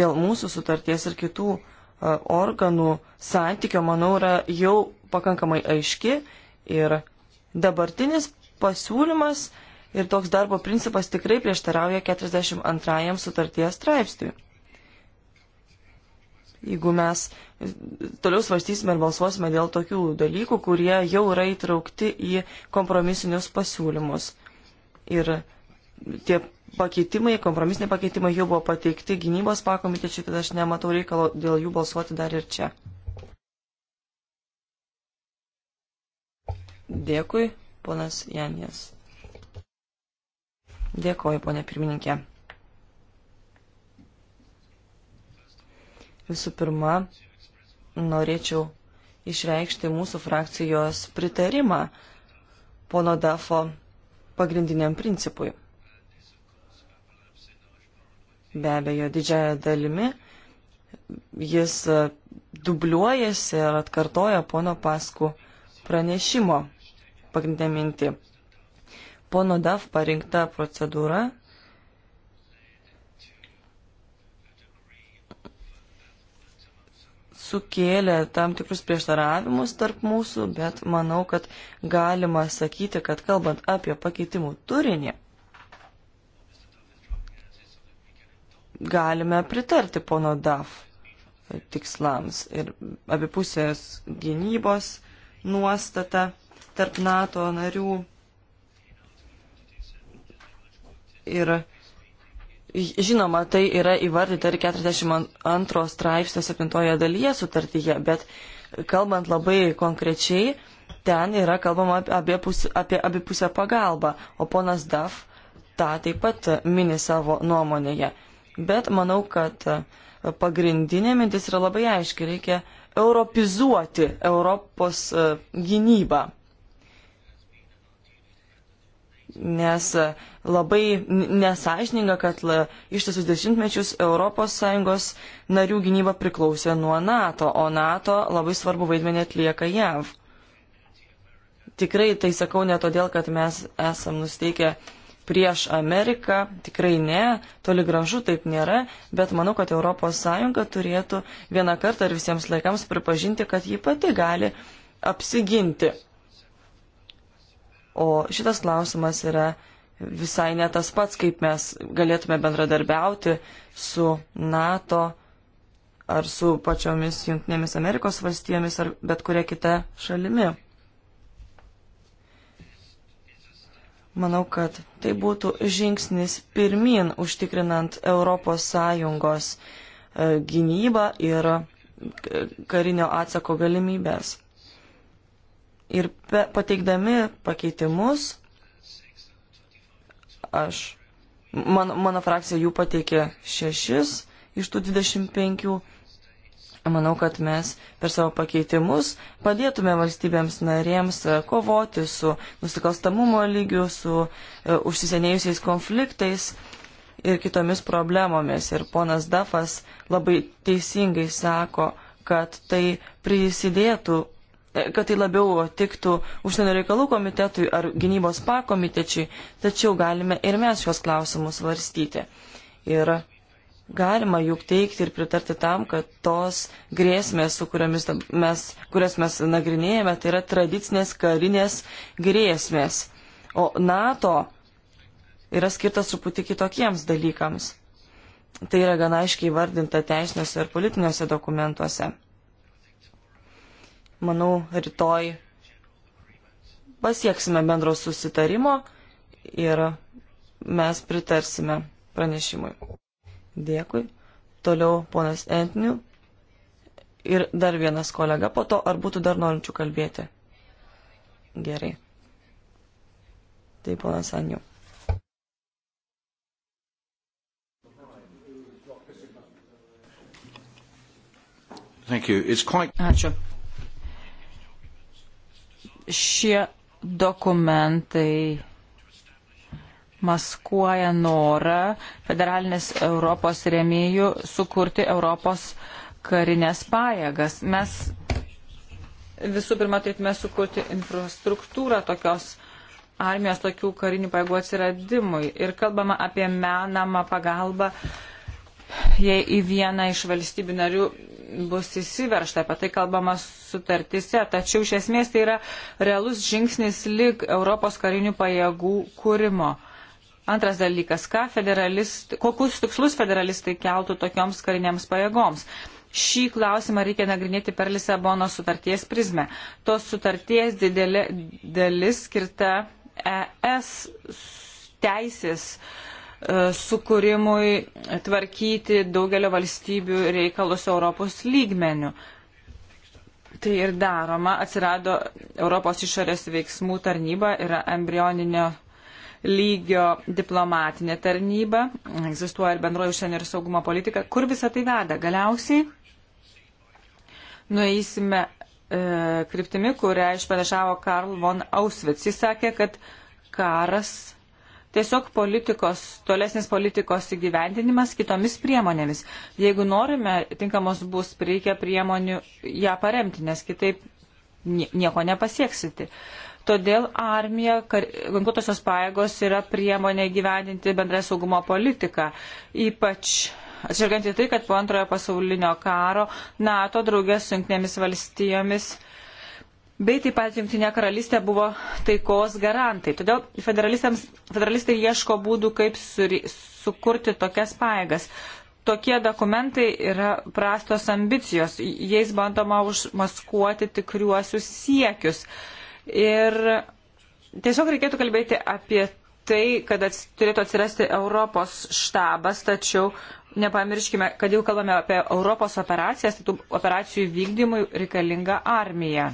dėl mūsų sutarties ir kitų e, organų santykio, manau, yra jau pakankamai aiški ir dabartinis pasiūlymas ir toks darbo principas tikrai prieštarauja 42 sutarties straipsniui. Jeigu mes toliau svarstysime ir balsuosime dėl tokių dalykų, kurie jau yra įtraukti į kompromisinius pasiūlymus. Ir tie pakeitimai, kompromisiniai pakeitimai jau buvo pateikti gynybos pakomitečiai, tad aš nematau reikalo dėl jų balsuoti dar ir čia. Dėkui ponas Janijas. Dėkoju, ponė pirmininkė. Visų pirma, norėčiau išreikšti mūsų frakcijos pritarimą pono Dafo pagrindiniam principui. Be abejo, didžiaja dalimi jis dubliuojasi ir atkartoja pono paskų pranešimo pagrindinę mintį. Pono DAF parinkta procedūra sukėlė tam tikrus prieštaravimus tarp mūsų, bet manau, kad galima sakyti, kad kalbant apie pakeitimų turinį, galime pritarti pono DAF tikslams ir abipusės gynybos nuostata tarp NATO narių. Ir žinoma, tai yra įvardyta ir 42 straipsnio 7 dalyje sutartyje, bet kalbant labai konkrečiai, ten yra kalbama apie, pus, apie abipusę pagalbą, o ponas Daf tą taip pat mini savo nuomonėje. Bet manau, kad pagrindinė mintis yra labai aiški, reikia europizuoti Europos e, gynybą. Nes labai nesažininga, kad ištisus dešimtmečius ES narių gynyba priklausė nuo NATO, o NATO labai svarbu vaidmenį atlieka JAV. Tikrai tai sakau ne todėl, kad mes esam nusteikę prieš Ameriką, tikrai ne, toli gražu taip nėra, bet manau, kad ES turėtų vieną kartą ir visiems laikams pripažinti, kad ji pati gali apsiginti O šitas klausimas yra visai ne tas pats, kaip mes galėtume bendradarbiauti su NATO ar su pačiomis Junktinėmis Amerikos valstijomis ar bet kuria kita šalimi. Manau, kad tai būtų žingsnis pirmin užtikrinant ES e, gynybą ir karinio atsako galimybės. Ir pateikdami pakeitimus, aš, man, mano frakcija jų pateikė šešis iš tų 25. Manau, kad mes per savo pakeitimus padėtume valstybėms narėms e, kovoti su nusikalstamumo lygiu, su e, užsisenėjusiais konfliktais ir kitomis problemomis. Ir ponas Dafas labai teisingai sako, kad tai prisidėtų kad tai labiau tiktų užsienio reikalų komitetui ar gynybos pakomitečiui, tačiau galime ir mes šios klausimus varstyti. Ir galima juk teikti ir pritarti tam, kad tos grėsmės, mes, kurias mes nagrinėjame, tai yra tradicinės karinės grėsmės. O NATO yra skirtas truputį kitokiems dalykams. Tai yra gana aiškiai vardinta teisiniuose ir politiniuose dokumentuose manau, rytoj pasieksime bendro susitarimo ir mes pritarsime pranešimui. Dėkui. Toliau ponas Entniu ir dar vienas kolega po to, ar būtų dar norinčių kalbėti. Gerai. Tai ponas Anju. Quite... Ačiū šie dokumentai maskuoja norą federalinės Europos rėmėjų sukurti Europos karinės pajėgas. Mes visų pirma turėtume sukurti infrastruktūrą tokios armijos, tokių karinių pajėgų atsiradimui. Ir kalbama apie menamą pagalbą jei į vieną iš valstybių narių bus įsiveršta, apie tai kalbama sutartise, tačiau iš esmės tai yra realus žingsnis lik Europos karinių pajėgų kūrimo. Antras dalykas, kokius tikslus federalistai keltų tokioms kariniams pajėgoms. Šį klausimą reikia nagrinėti per Lisabono sutarties prizmę. Tos sutarties didelė dalis skirta ES teisės uh, E, sukūrimui tvarkyti daugelio valstybių reikalus Europos lygmenių. Tai ir daroma, atsirado Europos išorės veiksmų tarnyba, yra embrioninio lygio diplomatinė tarnyba, egzistuoja ir bendroji užsienio ir saugumo politika. Kur visą tai veda? Galiausiai nueisime e, kryptimi, kurią išpanašavo Karl von Auschwitz. Jis sakė, kad karas Tiesiog politikos, tolesnis politikos įgyvendinimas kitomis priemonėmis. Jeigu norime tinkamos bus, reikia priemonių ją paremti, nes kitaip nieko nepasieksite. Todėl armija, ginkluotosios pajėgos yra priemonė gyvendinti bendrą saugumo politiką. Ypač atsižvelgiant į tai, kad po antrojo pasaulinio karo NATO draugės su jungtinėmis valstijomis bei taip pat Junktinė karalystė buvo taikos garantai. Todėl federalistai ieško būdų, kaip suri, sukurti tokias paėgas. Tokie dokumentai yra prastos ambicijos, jais bandoma užmaskuoti tikriuosius siekius. Ir tiesiog reikėtų kalbėti apie tai, kad ats, turėtų atsirasti Europos štabas, tačiau nepamirškime, kad jau kalbame apie Europos operacijas, tai tų operacijų vykdymui reikalinga armija.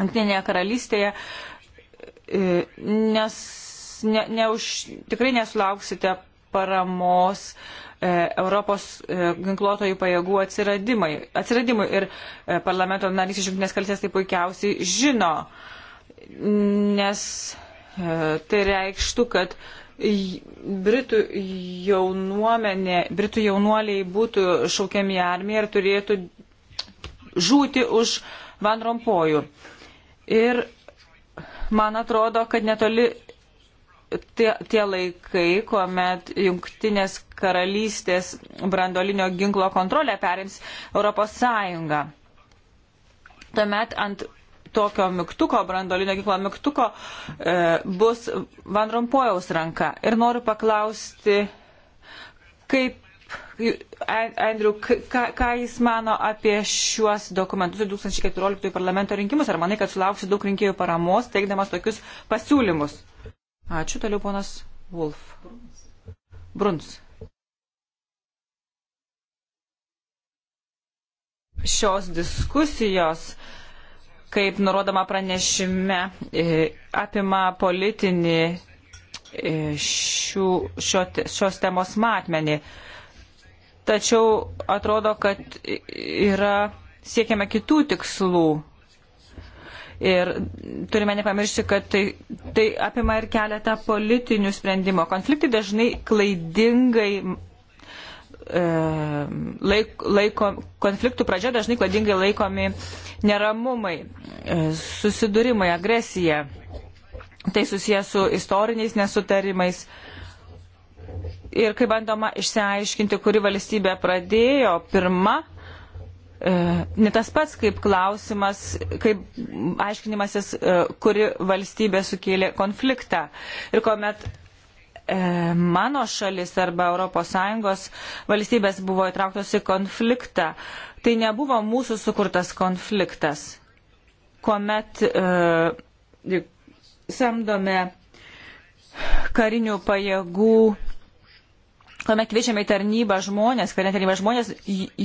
Antinėje karalystėje, e, nes ne, ne už, tikrai nesulauksite paramos e, Europos e, ginkluotojų pajėgų atsiradimai, atsiradimui. Ir e, parlamento narys iš Junktinės karalystės tai puikiausiai žino, nes e, tai reikštų, kad Britų jaunuomenė, Britų jaunuoliai būtų šaukiami į armiją ir turėtų žūti už Van Rompojų. E, Ir man atrodo, kad netoli tie, tie laikai, kuomet jungtinės karalystės brandolinio ginklo kontrolę perims Europos Sąjunga. Tuomet ant tokio mygtuko, brandolinio ginklo mygtuko, e, bus Van Rompojaus ranka. Ir noriu paklausti, kaip Andrew, ką, ką jis mano apie šiuos dokumentus 2014 parlamento rinkimus? Ar manai, kad sulauksi daug rinkėjų paramos, teikdamas tokius pasiūlymus? Ačiū, toliau ponas Wolf. Bruns. Šios diskusijos, kaip nurodoma pranešime, e, apima politinį e, šių, šio, šios temos matmenį tačiau atrodo, kad yra siekiame kitų tikslų. Ir turime nepamiršti, kad tai, tai apima ir keletą politinių sprendimų. Konfliktai dažnai klaidingai e, laik, laiko, konfliktų pradžia dažnai klaidingai laikomi neramumai, e, susidūrimai, agresija. Tai susijęs su istoriniais nesutarimais, ir kai bandoma išsiaiškinti, kuri valstybė pradėjo pirmą, e, ne tas pats kaip klausimas, kaip aiškinimasis, e, kuri valstybė sukėlė konfliktą. Ir kuomet e, mano šalis arba ES valstybės buvo įtrauktos į konfliktą, tai nebuvo mūsų sukurtas konfliktas. Kuomet e, samdome karinių pajėgų kuomet kviečiame į tarnybą žmonės, karinę tarnybą žmonės,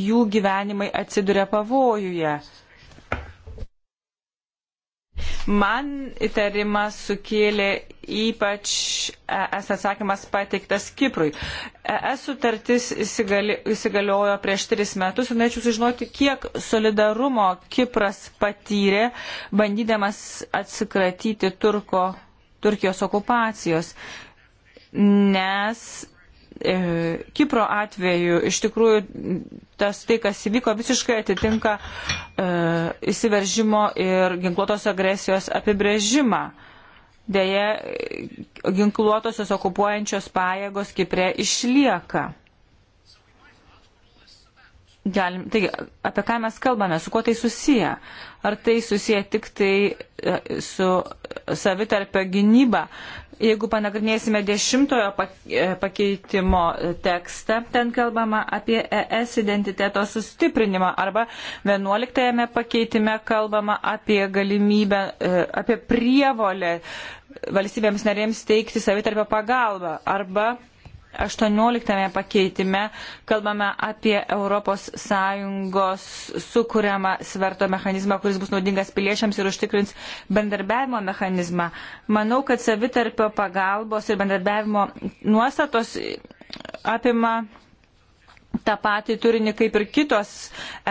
jų gyvenimai atsiduria pavojuje. Man įtarimą sukėlė ypač ES atsakymas pateiktas Kiprui. ES sutartis įsigali, įsigaliojo prieš tris metus ir norėčiau sužinoti, kiek solidarumo Kipras patyrė, bandydamas atsikratyti Turko, Turkijos okupacijos. Nes E, Kipro atveju iš tikrųjų tas tai, kas įvyko, visiškai atitinka e, įsiveržimo ir ginkluotos agresijos apibrėžimą. Deja, ginkluotosios okupuojančios pajėgos Kipre išlieka. Galim, taigi, apie ką mes kalbame, su kuo tai susiję? Ar tai susiję tik tai e, su savitarpio gynyba? Jeigu panagrinėsime dešimtojo e, pakeitimo tekstą, ten kalbama apie ES identiteto sustiprinimą arba vienuoliktajame pakeitime kalbama apie galimybę, e, apie prievolę valstybėms narėms teikti savitarpio pagalbą arba 18 pakeitime kalbame apie ES sukūriamą sverto mechanizmą, kuris bus naudingas piliečiams ir užtikrins bendarbiavimo mechanizmą. Manau, kad savitarpio pagalbos ir bendarbiavimo nuostatos apima tą patį turinį kaip ir, kitos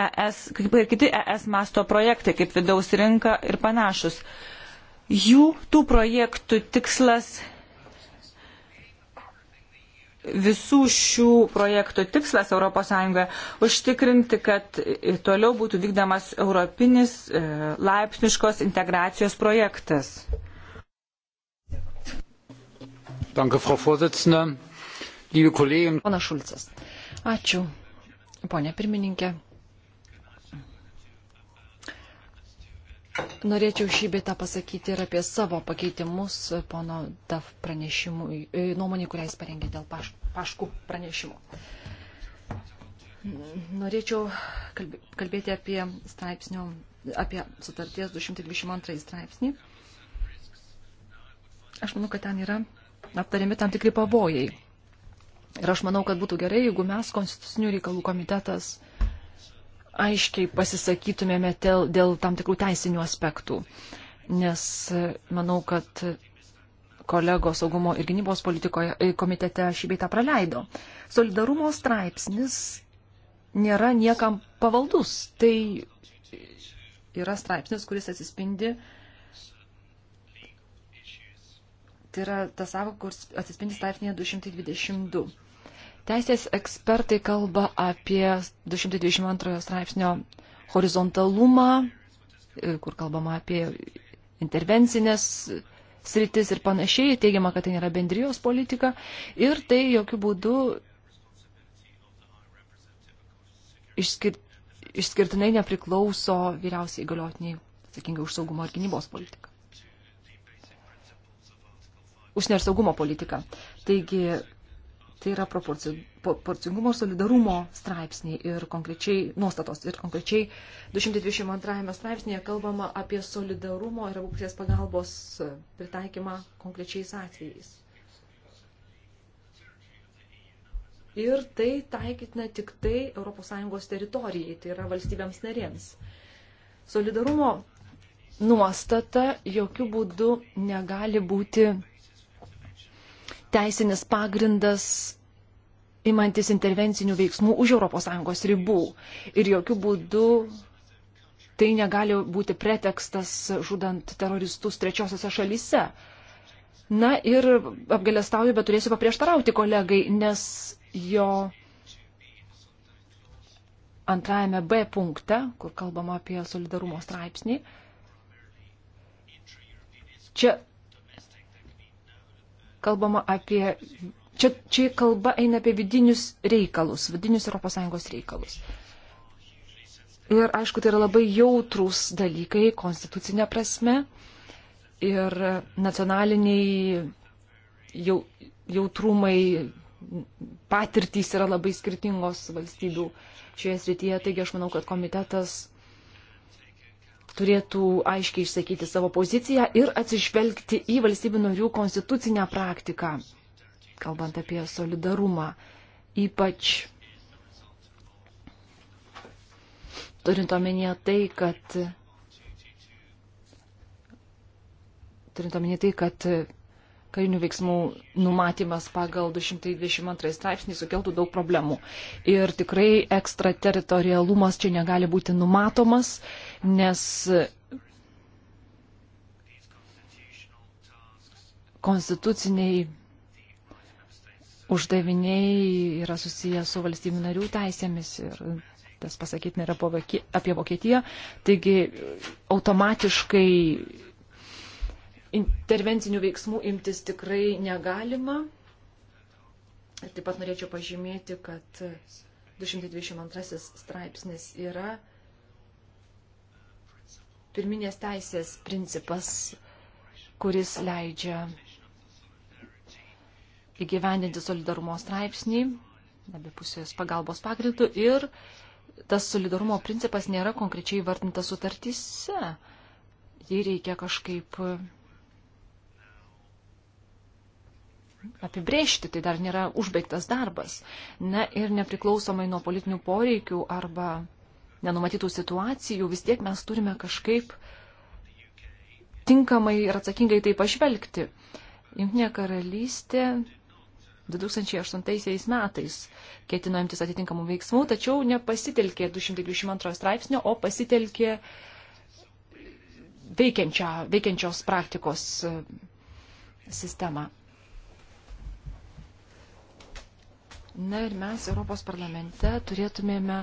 ES, kaip ir kiti ES masto projektai, kaip vidaus rinka ir panašus. Jų tų projektų tikslas visų šių projektų tikslas ES užtikrinti, kad toliau būtų vykdamas europinis e, laipsniškos integracijos projektas. Danke, Frau Vorsitzende. Liebe Kollegen. Pana Šulcas. Ačiū, ponė pirmininkė. Norėčiau šį beitą pasakyti ir apie savo pakeitimus e, pono DAF pranešimui, e, nuomonį, kurią jis parengė dėl paš, paškų pranešimų. Norėčiau kalbėti apie straipsnio, apie sutarties 222 straipsnį. Aš manau, kad ten yra aptariami tam tikri pavojai. Ir aš manau, kad būtų gerai, jeigu mes, Konstitucinių reikalų komitetas, aiškiai pasisakytumėme dėl, dėl tam tikrų teisinių aspektų, nes e, manau, kad kolego saugumo ir gynybos politikoje e, komitete šį beitą praleido. Solidarumo straipsnis nėra niekam pavaldus. Tai yra straipsnis, kuris atsispindi. Tai yra tas savo, kuris atsispindi straipsnėje 222. Teisės ekspertai kalba apie 222 straipsnio horizontalumą, e, kur kalbama apie intervencinės sritis ir panašiai, teigiama, kad tai nėra bendrijos politika ir tai jokių būdų išskir, išskirtinai nepriklauso vyriausiai įgaliotiniai atsakingai už saugumo ir gynybos politiką. Užsienio ir saugumo politiką. Taigi Tai yra proporcingumo ir solidarumo straipsniai ir konkrečiai nuostatos. Ir konkrečiai 222 straipsnėje kalbama apie solidarumo ir abupusės pagalbos pritaikymą konkrečiais atvejais. Ir tai taikytina tik tai ES teritorijai, tai yra valstybėms narėms. Solidarumo nuostata jokių būdų negali būti teisinis pagrindas imantis intervencinių veiksmų už ES ribų. Ir jokių būdų tai negali būti pretekstas žudant teroristus trečiosiose šalyse. Na ir apgalėstauju, bet turėsiu paprieštarauti kolegai, nes jo antrajame B punkte, kur kalbama apie solidarumo straipsnį, čia kalbama apie, čia, čia kalba eina apie vidinius reikalus, vidinius ES reikalus. Ir aišku, tai yra labai jautrus dalykai konstitucinė prasme ir nacionaliniai jau, jautrumai, patirtys yra labai skirtingos valstybių šioje srityje. Taigi aš manau, kad komitetas turėtų aiškiai išsakyti savo poziciją ir atsižvelgti į valstybių narių konstitucinę praktiką, kalbant apie solidarumą, ypač turint omenyje tai, kad turint omenyje tai, kad karinių veiksmų numatymas pagal 222 straipsnį sukeltų daug problemų. Ir tikrai ekstrateritorialumas čia negali būti numatomas, nes konstituciniai uždaviniai yra susiję su valstybių narių teisėmis ir tas pasakyti nėra apie Vokietiją. Taigi automatiškai intervencinių veiksmų imtis tikrai negalima. Ir taip pat norėčiau pažymėti, kad 222 straipsnis yra pirminės teisės principas, kuris leidžia įgyvendinti solidarumo straipsnį, abipusės pagalbos pagrindų ir tas solidarumo principas nėra konkrečiai vardintas sutartyse. Jį reikia kažkaip apibrėžti, tai dar nėra užbaigtas darbas. Na ir nepriklausomai nuo politinių poreikių arba nenumatytų situacijų, vis tiek mes turime kažkaip tinkamai ir atsakingai tai pažvelgti. Junktinė karalystė 2008 metais ketino imtis atitinkamų veiksmų, tačiau nepasitelkė 222 straipsnio, o pasitelkė veikiančios praktikos e, sistemą. Na ir mes Europos parlamente turėtumėme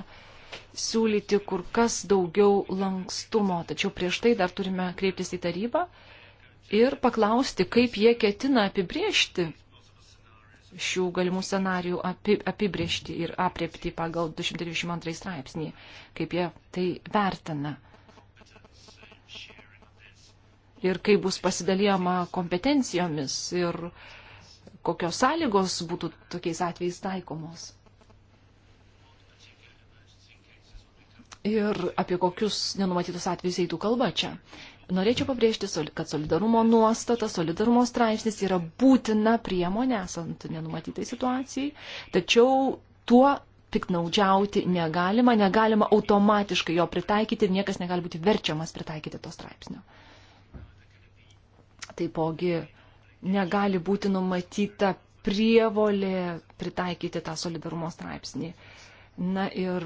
siūlyti kur kas daugiau lankstumo, tačiau prieš tai dar turime kreiptis į tarybą ir paklausti, kaip jie ketina apibriežti šių galimų scenarių apibriežti ir apriepti pagal 222 straipsnį, kaip jie tai vertina. Ir kaip bus pasidalijama kompetencijomis ir uh, kokios sąlygos būtų tokiais atvejais taikomos. Ir apie kokius nenumatytus atvejus eitų kalba čia. Norėčiau pabrėžti, kad solidarumo nuostata, solidarumo straipsnis yra būtina priemonė esant nenumatytai situacijai, tačiau tuo piknaudžiauti negalima, negalima automatiškai jo pritaikyti ir niekas negali būti verčiamas pritaikyti to straipsnio. Taipogi negali būti numatyta prievolė pritaikyti tą solidarumo straipsnį. Na ir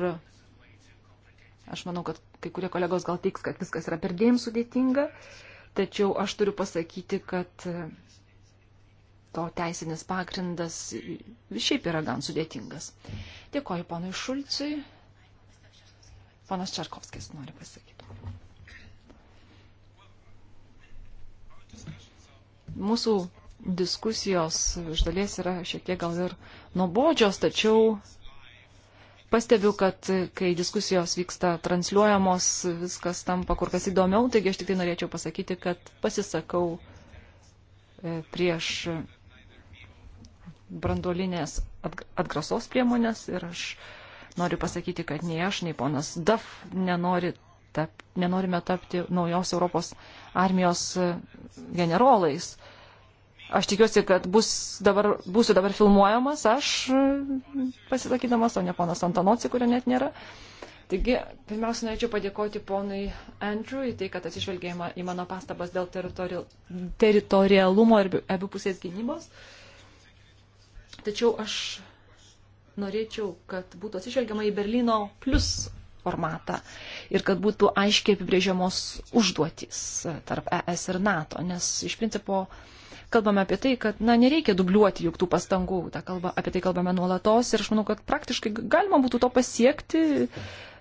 aš manau, kad kai kurie kolegos gal teiks, kad viskas yra perdėm sudėtinga, tačiau aš turiu pasakyti, kad to teisinis pagrindas šiaip yra gan sudėtingas. Dėkoju ponui Šulciui. Ponas Čarkovskis nori pasakyti. mūsų diskusijos iš dalies yra šiek tiek gal ir nuobodžios, tačiau pastebiu, kad kai diskusijos vyksta transliuojamos, viskas tampa kur kas įdomiau, taigi aš tik tai norėčiau pasakyti, kad pasisakau e, prieš brandolinės atgrasos priemonės ir aš noriu pasakyti, kad nei aš, nei ponas Daf nenori tap, nenorime tapti naujos Europos armijos e, generolais. Aš tikiuosi, kad bus dabar, būsiu dabar filmuojamas, aš e, pasisakydamas, o ne ponas Antanoci, kurio net nėra. Taigi, pirmiausia, norėčiau padėkoti ponui Andrew į tai, kad atsižvelgėjama į mano pastabas dėl teritori teritorialumo ir abipusės gynybos. Tačiau aš norėčiau, kad būtų atsižvelgiama į Berlyno plus formatą ir kad būtų aiškiai apibrėžiamos užduotys tarp ES ir NATO, nes iš principo kalbame apie tai, kad na, nereikia dubliuoti juk tų pastangų, Ta kalba, apie tai kalbame nuolatos ir aš manau, kad praktiškai galima būtų to pasiekti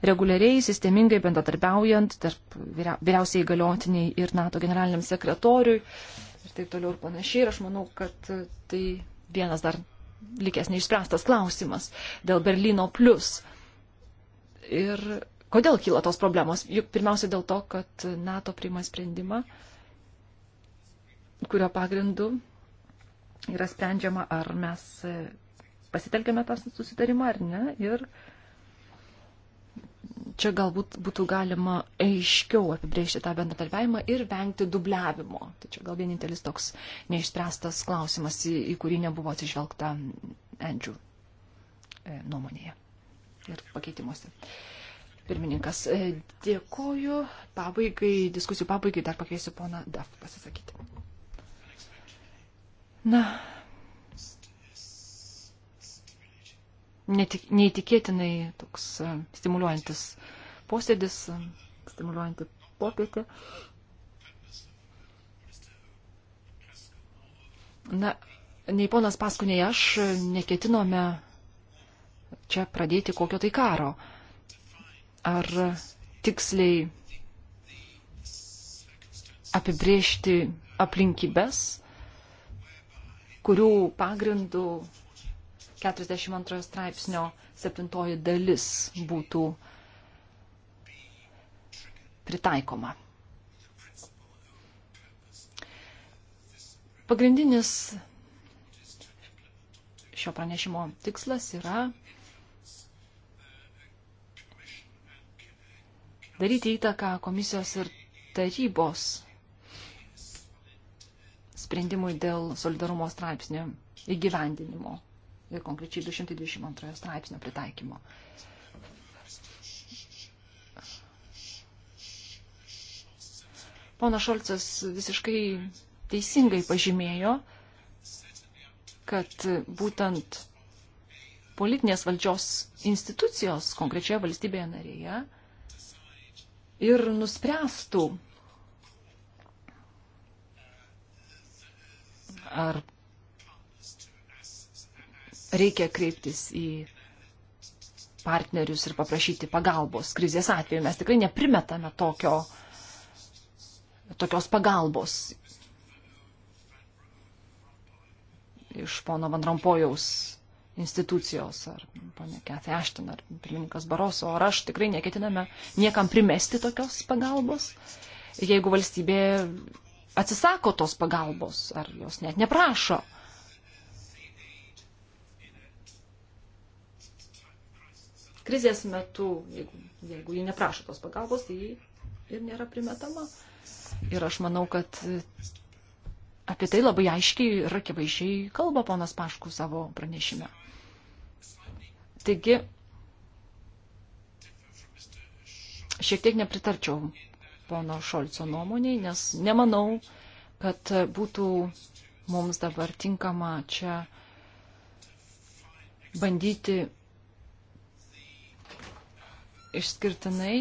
reguliariai, sistemingai bendradarbiaujant tarp vyriausiai įgaliotiniai ir NATO generaliniam sekretoriui ir taip toliau ir panašiai. Ir aš manau, kad tai vienas dar likęs neišspręstas klausimas dėl Berlyno plus. Ir kodėl kyla tos problemos? Juk pirmiausia dėl to, kad NATO priima sprendimą, kurio pagrindu yra sprendžiama, ar mes pasitelkėme tą susitarimą ar ne. Ir čia galbūt būtų galima aiškiau apibrėžti tą bendradarbiavimą ir vengti dubliavimo. Tai čia gal vienintelis toks neišspręstas klausimas, į, į kurį nebuvo atsižvelgta Andrew e, nuomonėje ir pakeitimuose. Pirmininkas, e, dėkoju. Pabaigai, diskusijų pabaigai dar pakviesiu poną Daf pasisakyti. Na, netik, neįtikėtinai toks e, stimuliuojantis posėdis, e, stimuliuojanti popietė. Na, nei ponas Pasku, nei aš neketinome čia pradėti kokio tai karo. Ar tiksliai apibriežti aplinkybės, kurių pagrindų 42 straipsnio 7 dalis būtų pritaikoma. Pagrindinis šio pranešimo tikslas yra daryti įtaką komisijos ir tarybos sprendimui dėl solidarumo straipsnio įgyvendinimo ir konkrečiai 222 straipsnio pritaikymo. Pona Šolcas visiškai teisingai pažymėjo, kad būtent politinės valdžios institucijos konkrečioje valstybėje narėje ir nuspręstų, ar reikia kreiptis į partnerius ir paprašyti pagalbos. Krizės atveju mes tikrai neprimetame tokio, tokios pagalbos iš pono Van Rompojaus institucijos, ar ponė Kathy Ashton, ar pirmininkas Baroso, ar aš tikrai neketiname niekam primesti tokios pagalbos, jeigu valstybė atsisako tos pagalbos, ar jos net neprašo. Krizės metu, jeigu, jeigu ji neprašo tos pagalbos, tai ji ir nėra primetama. Ir aš manau, kad apie tai labai aiškiai ir akivaizdžiai kalba ponas Paškų savo pranešime. Taigi, šiek tiek nepritarčiau pono Šolco nuomoniai, nes nemanau, kad būtų mums dabar tinkama čia bandyti išskirtinai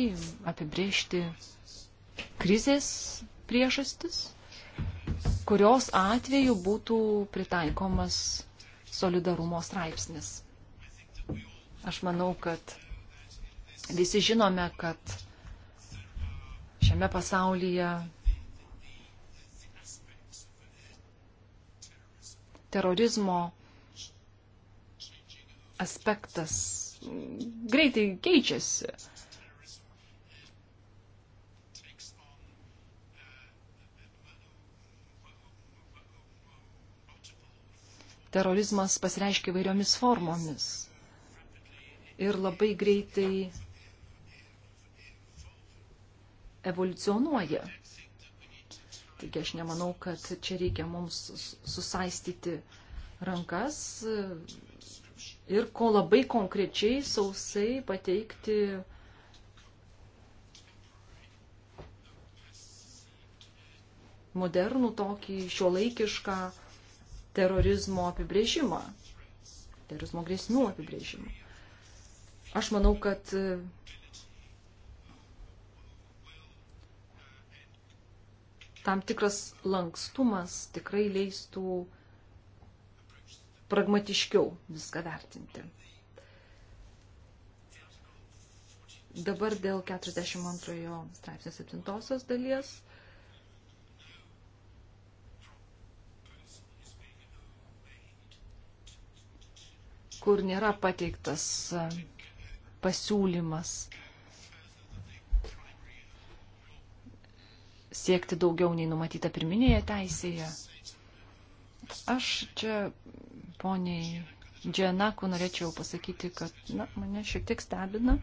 apibriežti krizės priežastis, kurios atveju būtų pritaikomas solidarumo straipsnis. Aš manau, kad visi žinome, kad šiame pasaulyje terorizmo aspektas greitai keičiasi. Terorizmas pasireiškia įvairiomis formomis ir labai greitai evoliucionuoja. Taigi aš nemanau, kad čia reikia mums susaistyti rankas ir ko labai konkrečiai sausai pateikti modernų tokį šiuolaikišką terorizmo apibrėžimą, terorizmo grėsmių apibrėžimą. Aš manau, kad e, tam tikras lankstumas tikrai leistų pragmatiškiau viską vertinti. Dabar dėl 42 straipsnio 7 dalies. kur nėra pateiktas e, pasiūlymas siekti daugiau nei numatyta pirminėje teisėje. Aš čia poniai Džianaku norėčiau pasakyti, kad na, mane šiek tiek stebina.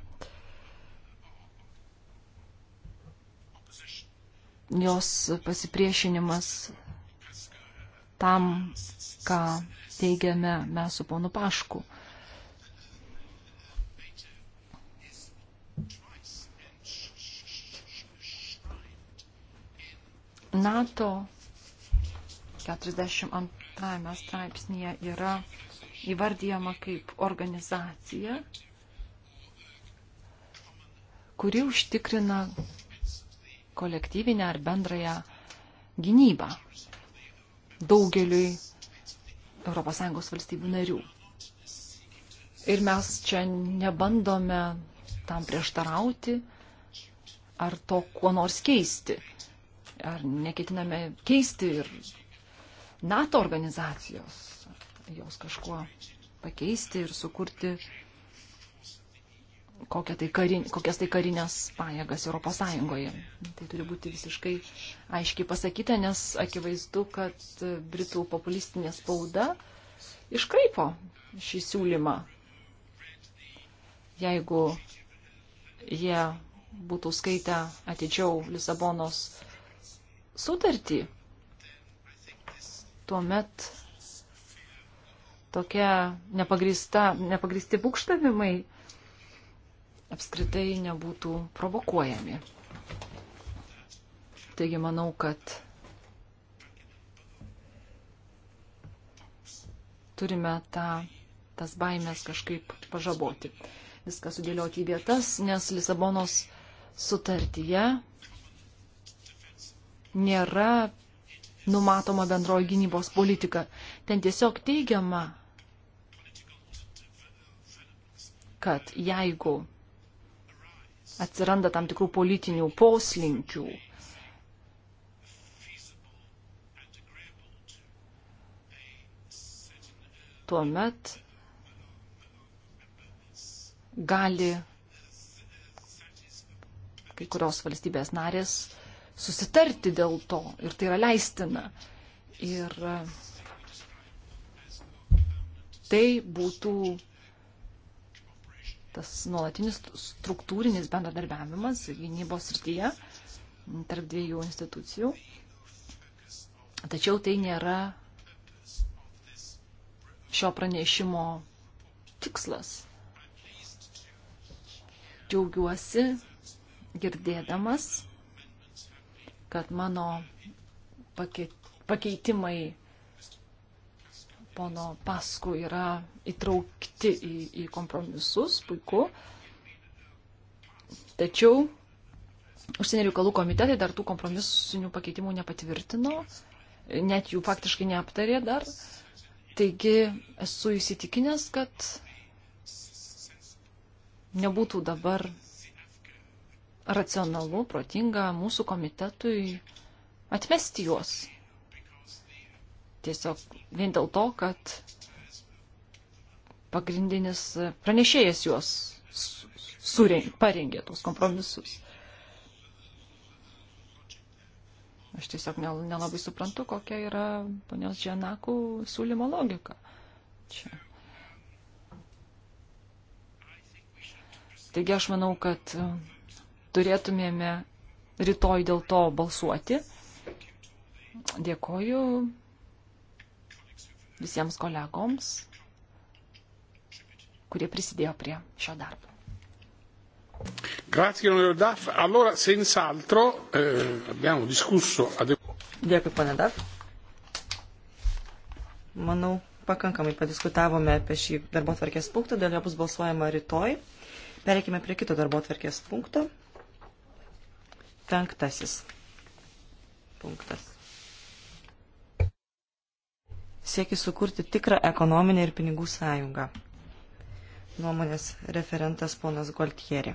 Jos pasipriešinimas tam, ką teigiame mes su ponu Pašku. NATO 42 straipsnėje yra įvardyjama kaip organizacija, kuri užtikrina kolektyvinę ar bendrąją gynybą daugeliui ES valstybių narių. Ir mes čia nebandome tam prieštarauti ar to kuo nors keisti. Ar neketiname keisti ir NATO organizacijos, jos kažkuo pakeisti ir sukurti kokią tai karin, kokias tai karinės pajėgas Europos Sąjungoje. Tai turi būti visiškai aiškiai pasakyta, nes akivaizdu, kad Britų populistinė spauda iškraipo šį siūlymą. Jeigu jie būtų skaitę atidžiau Lisabonos sutartį, tuomet tokie nepagristi būkštavimai apskritai nebūtų provokuojami. Taigi manau, kad turime tą, tas baimės kažkaip pažaboti. Viską sudėlioti į vietas, nes Lisabonos sutartyje nėra numatoma bendroji gynybos politika. Ten tiesiog teigiama, kad jeigu atsiranda tam tikrų politinių poslinkių, tuomet gali kai kurios valstybės narės susitarti dėl to ir tai yra leistina. Ir e, tai būtų tas nuolatinis struktūrinis bendradarbiavimas gynybos srityje tarp dviejų institucijų. Tačiau tai nėra šio pranešimo tikslas. Džiaugiuosi girdėdamas kad mano pakeitimai pono Pasku yra įtraukti į, į kompromisus, puiku. Tačiau užsienio reikalų komitetai dar tų kompromisinių pakeitimų nepatvirtino, net jų faktiškai neaptarė dar. Taigi esu įsitikinęs, kad nebūtų dabar racionalu, protinga mūsų komitetui atmesti juos. Tiesiog vien dėl to, kad pagrindinis pranešėjas juos parengė tuos kompromisus. Aš tiesiog nelabai suprantu, kokia yra ponios Džianakų siūlymo logika. Čia. Taigi aš manau, kad turėtumėme rytoj dėl to balsuoti. Dėkoju visiems kolegoms, kurie prisidėjo prie šio darbo. Grazie, onorevole Daff. Allora, senz'altro, eh, abbiamo discusso. Dėkui, pane Daff. Manau, pakankamai padiskutavome apie šį darbo tvarkės punktą, dėl jo bus balsuojama rytoj. Pereikime prie kito darbo tvarkės punkto. Penktasis punktas. Siekis sukurti tikrą ekonominę ir pinigų sąjungą. Nuomonės referentas ponas Goltieri.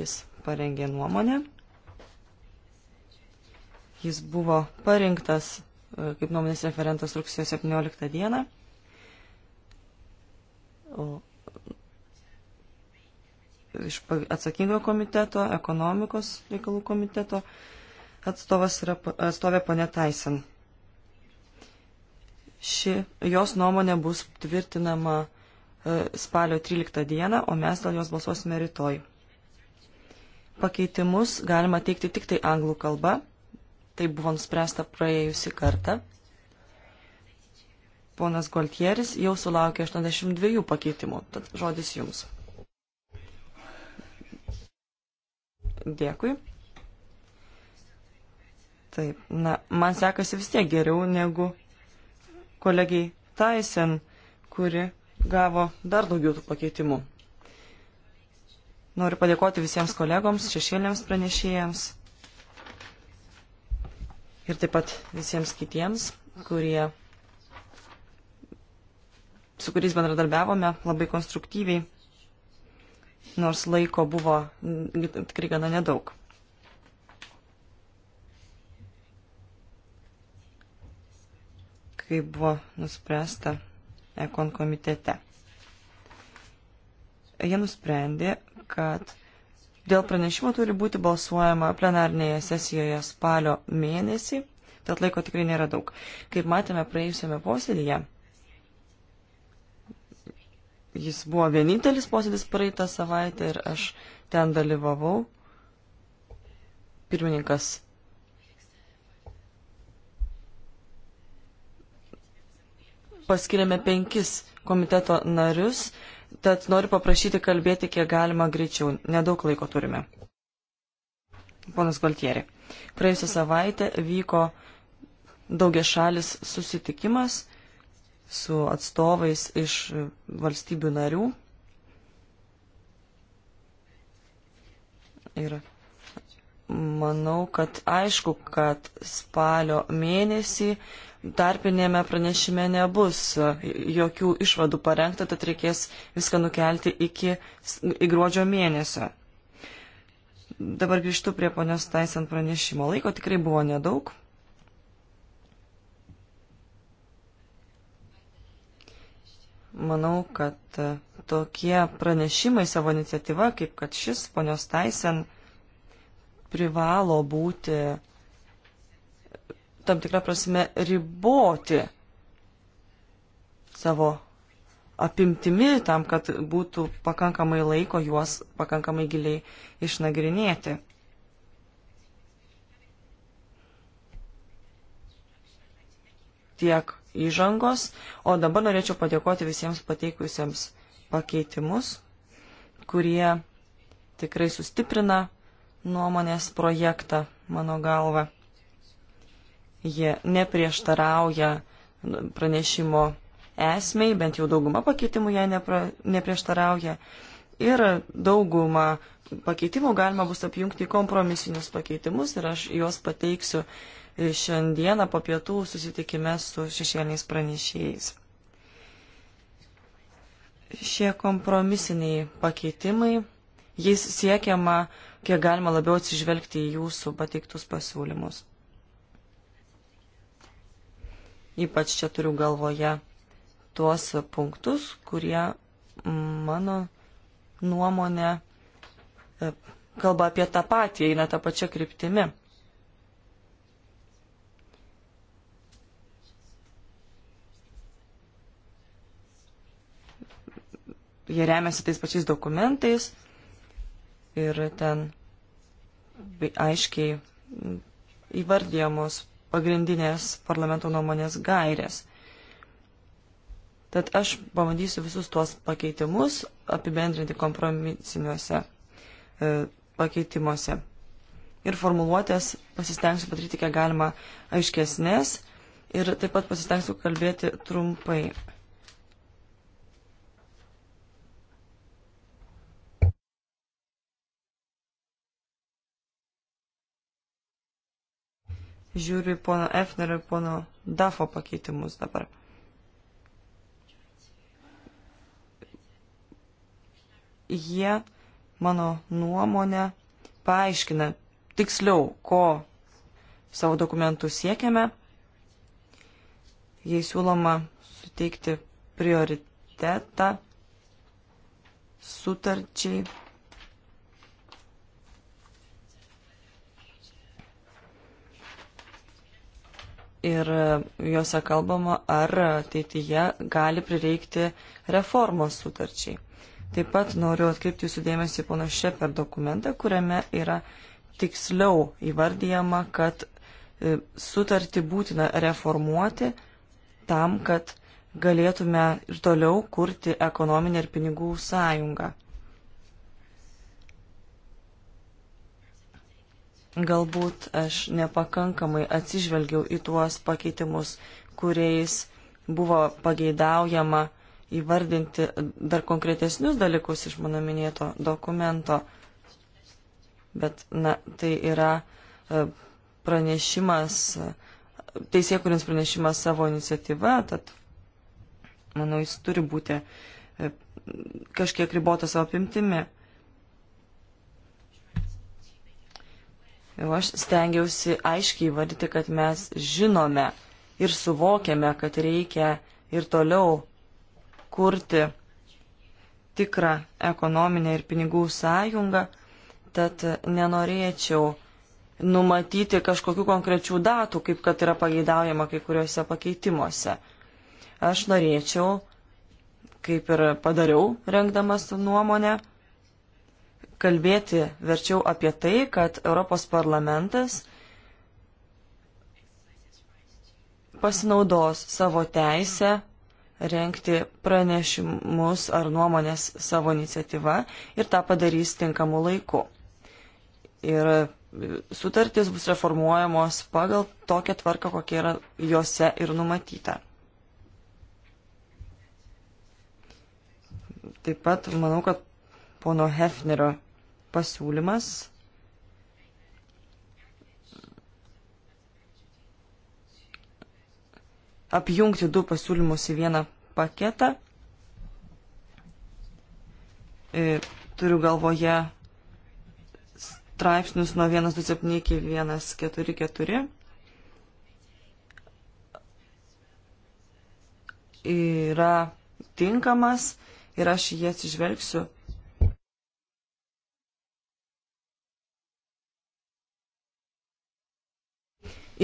Jis parengė nuomonę. Jis buvo parinktas e, kaip nuomonės referentas rugsėjo 17 dieną. O iš atsakingo komiteto, ekonomikos reikalų komiteto atstovas yra atstovė ponė Taisen. Ši, jos nuomonė bus tvirtinama e, spalio 13 dieną, o mes dėl jos balsuosime rytoj. Pakeitimus galima teikti tik tai anglų kalba, tai buvo nuspręsta praėjusi kartą. Ponas Goltieris jau sulaukė 82 pakeitimų, tad žodis jums. Dėkui. Taip, na, man sekasi vis tiek geriau negu kolegiai Tyson, kuri gavo dar daugiau tų pakeitimų. Noriu padėkoti visiems kolegoms, šešėliams pranešėjams ir taip pat visiems kitiems, kurie, su kuriais bendradarbiavome labai konstruktyviai nors laiko buvo tikrai gana nedaug. Kai buvo nuspręsta ekon komitete. Jie nusprendė, kad dėl pranešimo turi būti balsuojama plenarnėje sesijoje spalio mėnesį, tad laiko tikrai nėra daug. Kaip matėme praėjusiame posėdėje, Jis buvo vienintelis posėdis praeitą savaitę ir aš ten dalyvavau. Pirmininkas. Paskiriame penkis komiteto narius, tad noriu paprašyti kalbėti kiek galima greičiau. Nedaug laiko turime. Ponas Galtieri, praėjusią savaitę vyko daugia šalis susitikimas su atstovais iš valstybių narių. Ir manau, kad aišku, kad spalio mėnesį tarpinėme pranešime nebus jokių išvadų parengta, tad reikės viską nukelti iki gruodžio mėnesio. Dabar grįžtu prie ponios Taisant pranešimo. Laiko tikrai buvo nedaug. Manau, kad e, tokie pranešimai savo iniciatyva, kaip kad šis ponios Taisen, privalo būti tam tikrą prasme riboti savo apimtimi tam, kad būtų pakankamai laiko juos pakankamai giliai išnagrinėti. Tiek įžangos, o dabar norėčiau padėkoti visiems pateikusiems pakeitimus, kurie tikrai sustiprina nuomonės projektą, mano galva. Jie neprieštarauja pranešimo esmei, bent jau dauguma pakeitimų jai nepra, neprieštarauja. Ir daugumą pakeitimų galima bus apjungti į kompromisinius pakeitimus ir aš juos pateiksiu šiandieną po pietų susitikime su šešėliniais pranešėjais. Šie kompromisiniai pakeitimai, jais siekiama, kiek galima labiau atsižvelgti į jūsų pateiktus pasiūlymus. Ypač čia turiu galvoje tuos punktus, kurie mano nuomonė e, kalba apie tą patį, eina tą pačią kryptimį. jie remiasi tais pačiais dokumentais ir ten aiškiai įvardyjamos pagrindinės parlamento nuomonės gairės. Tad aš pabandysiu visus tuos pakeitimus apibendrinti kompromisiniuose e, pakeitimuose. Ir formuluotės pasistengsiu padaryti kiek galima aiškesnės ir taip pat pasistengsiu kalbėti trumpai. Žiūriu pono Efner ir pono Dafo pakeitimus dabar. Jie, mano nuomonė, paaiškina tiksliau, ko savo dokumentų siekiame. Jei siūloma suteikti prioritetą sutarčiai ir juose kalbama, ar ateityje gali prireikti reformos sutarčiai. Taip pat noriu atkreipti jūsų dėmesį į pono Šeper dokumentą, kuriame yra tiksliau įvardyjama, kad e, sutartį būtina reformuoti tam, kad galėtume ir toliau kurti ekonominę ir pinigų sąjungą. Galbūt aš nepakankamai atsižvelgiau į tuos pakeitimus, kuriais buvo pageidaujama įvardinti dar konkretesnius dalykus iš mano minėto dokumento. Bet, na, tai yra e, pranešimas, teisėkurins pranešimas savo iniciatyva, tad, manau, jis turi būti e, kažkiek ribotas savo pimtimi. O aš stengiausi aiškiai vadyti, kad mes žinome ir suvokiame, kad reikia ir toliau kurti tikrą ekonominę ir pinigų sąjungą, tad nenorėčiau numatyti kažkokių konkrečių datų, kaip kad yra pageidaujama kai kuriuose pakeitimuose. Aš norėčiau, kaip ir padariau, rengdamas nuomonę, kalbėti verčiau apie tai, kad Europos parlamentas pasinaudos savo teisę renkti pranešimus ar nuomonės savo iniciatyva ir tą padarys tinkamu laiku. Ir sutartys bus reformuojamos pagal tokią tvarką, kokia yra juose ir numatyta. Taip pat manau, kad pono Hefnerio pasiūlymas apjungti du pasiūlymus į vieną paketą. E, turiu galvoje straipsnius nuo 127 iki 144. Yra tinkamas ir aš jį atsižvelgsiu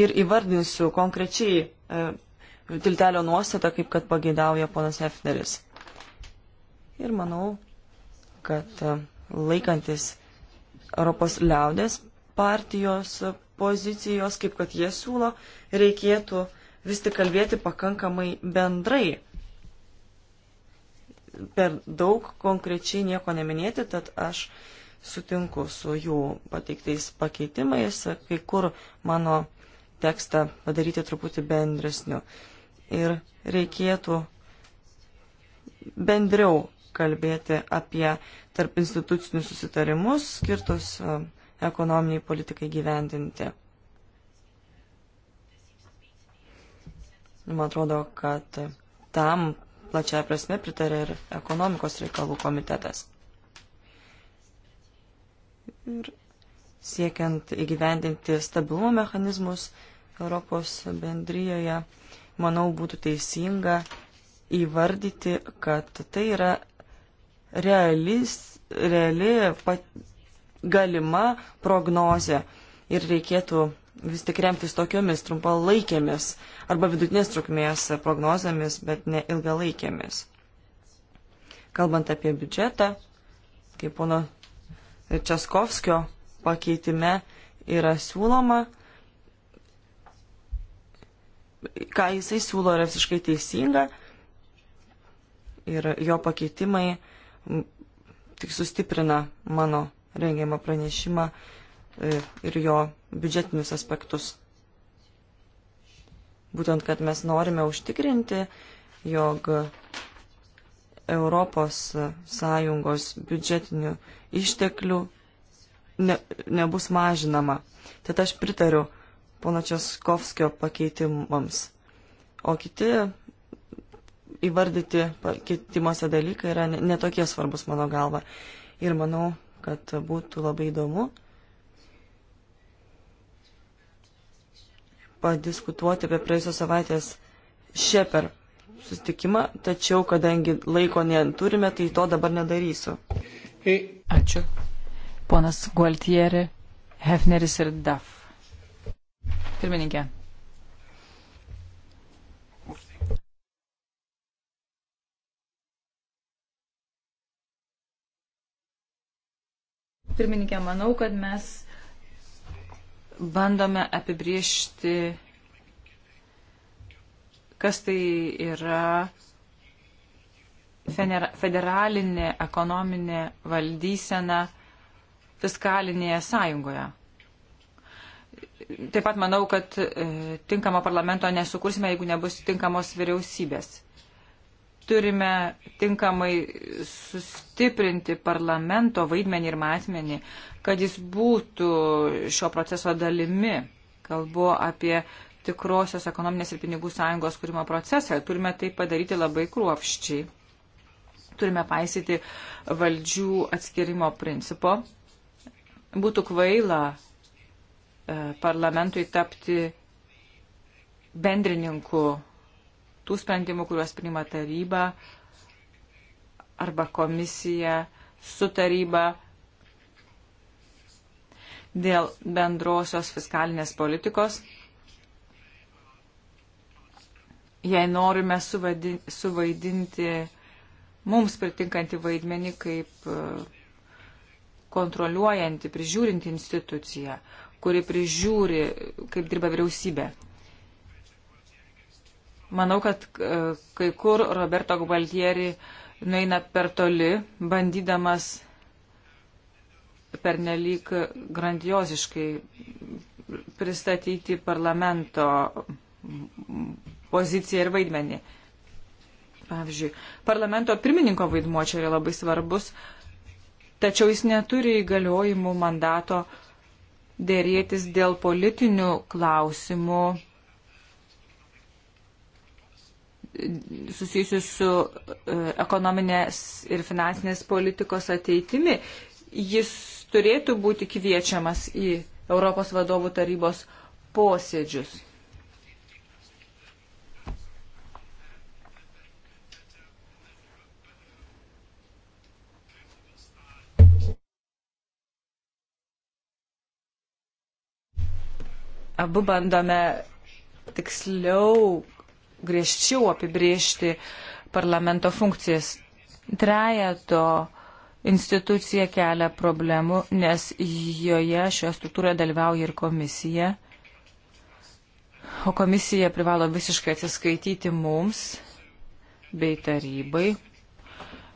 ir įvardinsiu konkrečiai e, tiltelio nuostatą, kaip kad pageidauja ponas Hefneris. Ir manau, kad e, laikantis Europos liaudės partijos pozicijos, kaip kad jie siūlo, reikėtų vis tik kalbėti pakankamai bendrai. Per daug konkrečiai nieko neminėti, tad aš sutinku su jų pateiktais pakeitimais, kai kur mano uh, tekstą padaryti truputį bendresniu. Ir reikėtų bendriau kalbėti apie tarp institucinius susitarimus skirtus e, ekonominiai politikai gyvendinti. Man atrodo, kad tam plačiaja prasme pritarė ir ekonomikos reikalų komitetas. Ir siekiant įgyvendinti stabilumo mechanizmus, Europos bendryjoje, manau, būtų teisinga įvardyti, kad tai yra realis, reali pat, galima prognozė ir reikėtų vis tik remtis tokiomis trumpalaikėmis arba vidutinės trukmės prognozėmis, bet ne ilgalaikėmis. Kalbant apie biudžetą, kaip pono Českovskio pakeitime yra siūloma, ką jisai siūlo, yra visiškai teisinga ir jo pakeitimai tik sustiprina mano rengiamą pranešimą e, ir jo biudžetinius aspektus. Būtent, kad mes norime užtikrinti, jog Europos Sąjungos biudžetinių išteklių ne, nebus mažinama. Tad aš pritariu pono Českovskio pakeitimams. O kiti įvardyti pakeitimuose dalykai yra netokie svarbus mano galva. Ir manau, kad būtų labai įdomu padiskutuoti apie praėjusios savaitės šeper sustikimą, tačiau kadangi laiko neturime, tai to dabar nedarysiu. Ačiū. Ponas Gualtieri, Hefneris ir Daf. Pirmininkė. Pirmininkė, manau, kad mes bandome apibriežti, kas tai yra federalinė ekonominė valdysena fiskalinėje sąjungoje taip pat manau, kad e, tinkamo parlamento nesukursime, jeigu nebus tinkamos vyriausybės. Turime tinkamai sustiprinti parlamento vaidmenį ir matmenį, kad jis būtų šio proceso dalimi. Kalbu apie tikrosios ekonominės ir pinigų sąjungos kūrimo procesą. Turime tai padaryti labai kruopščiai. Turime paisyti valdžių atskirimo principo. Būtų kvaila E, parlamentui tapti bendrininku tų sprendimų, kuriuos priima taryba arba komisija su taryba dėl bendrosios fiskalinės politikos. Jei norime suvaidinti, suvaidinti mums pritinkantį vaidmenį kaip e, kontroliuojanti, prižiūrinti instituciją, kuri prižiūri, kaip dirba vyriausybė. Manau, kad e, kai kur Roberto Gualtieri nueina per toli, bandydamas pernelyg grandioziškai pristatyti parlamento poziciją ir vaidmenį. Pavyzdžiui, parlamento pirmininko vaidmuo čia yra labai svarbus, tačiau jis neturi įgaliojimų mandato dėrėtis dėl politinių klausimų susijusių su e, ekonominės ir finansinės politikos ateitimi. Jis turėtų būti kviečiamas į Europos vadovų tarybos posėdžius. abu bandome tiksliau, griežčiau apibriežti parlamento funkcijas. Trejato institucija kelia problemų, nes joje šioje struktūroje dalyvauja ir komisija. O komisija privalo visiškai atsiskaityti mums bei tarybai.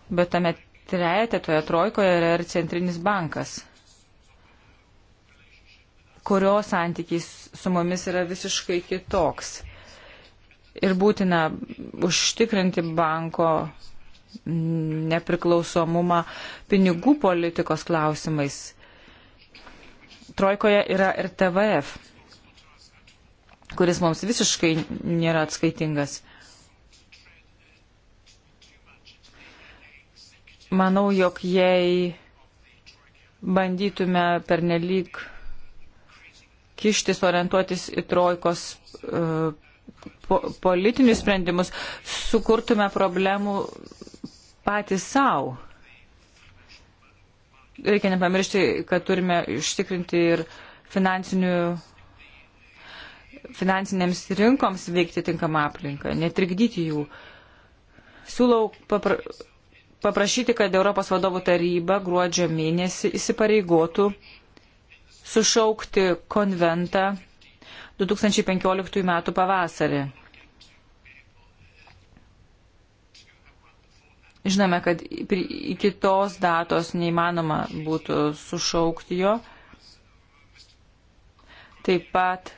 Bet tame trejate, toje trojkoje yra ir centrinis bankas kurios santykis su mumis yra visiškai kitoks. Ir būtina užtikrinti banko nepriklausomumą pinigų politikos klausimais. Trojkoje yra ir TVF, kuris mums visiškai nėra atskaitingas. Manau, jog jei bandytume pernelyg kištis, orientuotis į trojkos e, po, politinius sprendimus, sukurtume problemų patys savo. Reikia nepamiršti, kad turime ištikrinti ir finansinėms rinkoms veikti tinkamą aplinką, netrikdyti jų. Siūlau papra paprašyti, kad Europos vadovų taryba gruodžio mėnesį įsipareigotų uh, sušaukti konventą 2015 m. pavasarį. Žinome, kad iki tos datos neįmanoma būtų sušaukti jo. Taip pat,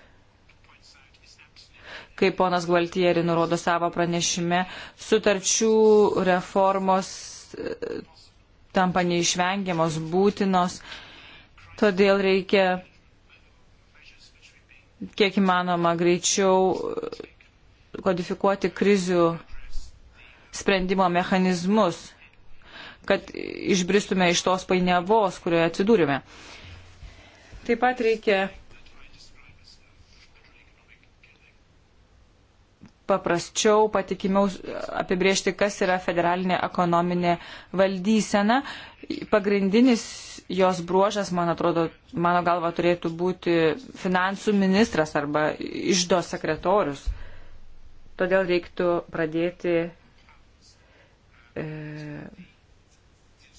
kaip ponas Gvaltieri nurodo savo pranešime, sutarčių reformos e, tampa neišvengiamos, būtinos Todėl reikia kiek įmanoma greičiau kodifikuoti krizių sprendimo mechanizmus, kad išbristume iš tos painiavos, kurioje atsidūrime. Taip pat reikia paprasčiau, patikimiau apibriežti, kas yra federalinė ekonominė valdysena. Pagrindinis jos bruožas, man atrodo, mano galva turėtų būti finansų ministras arba išdo sekretorius. Todėl reiktų pradėti e,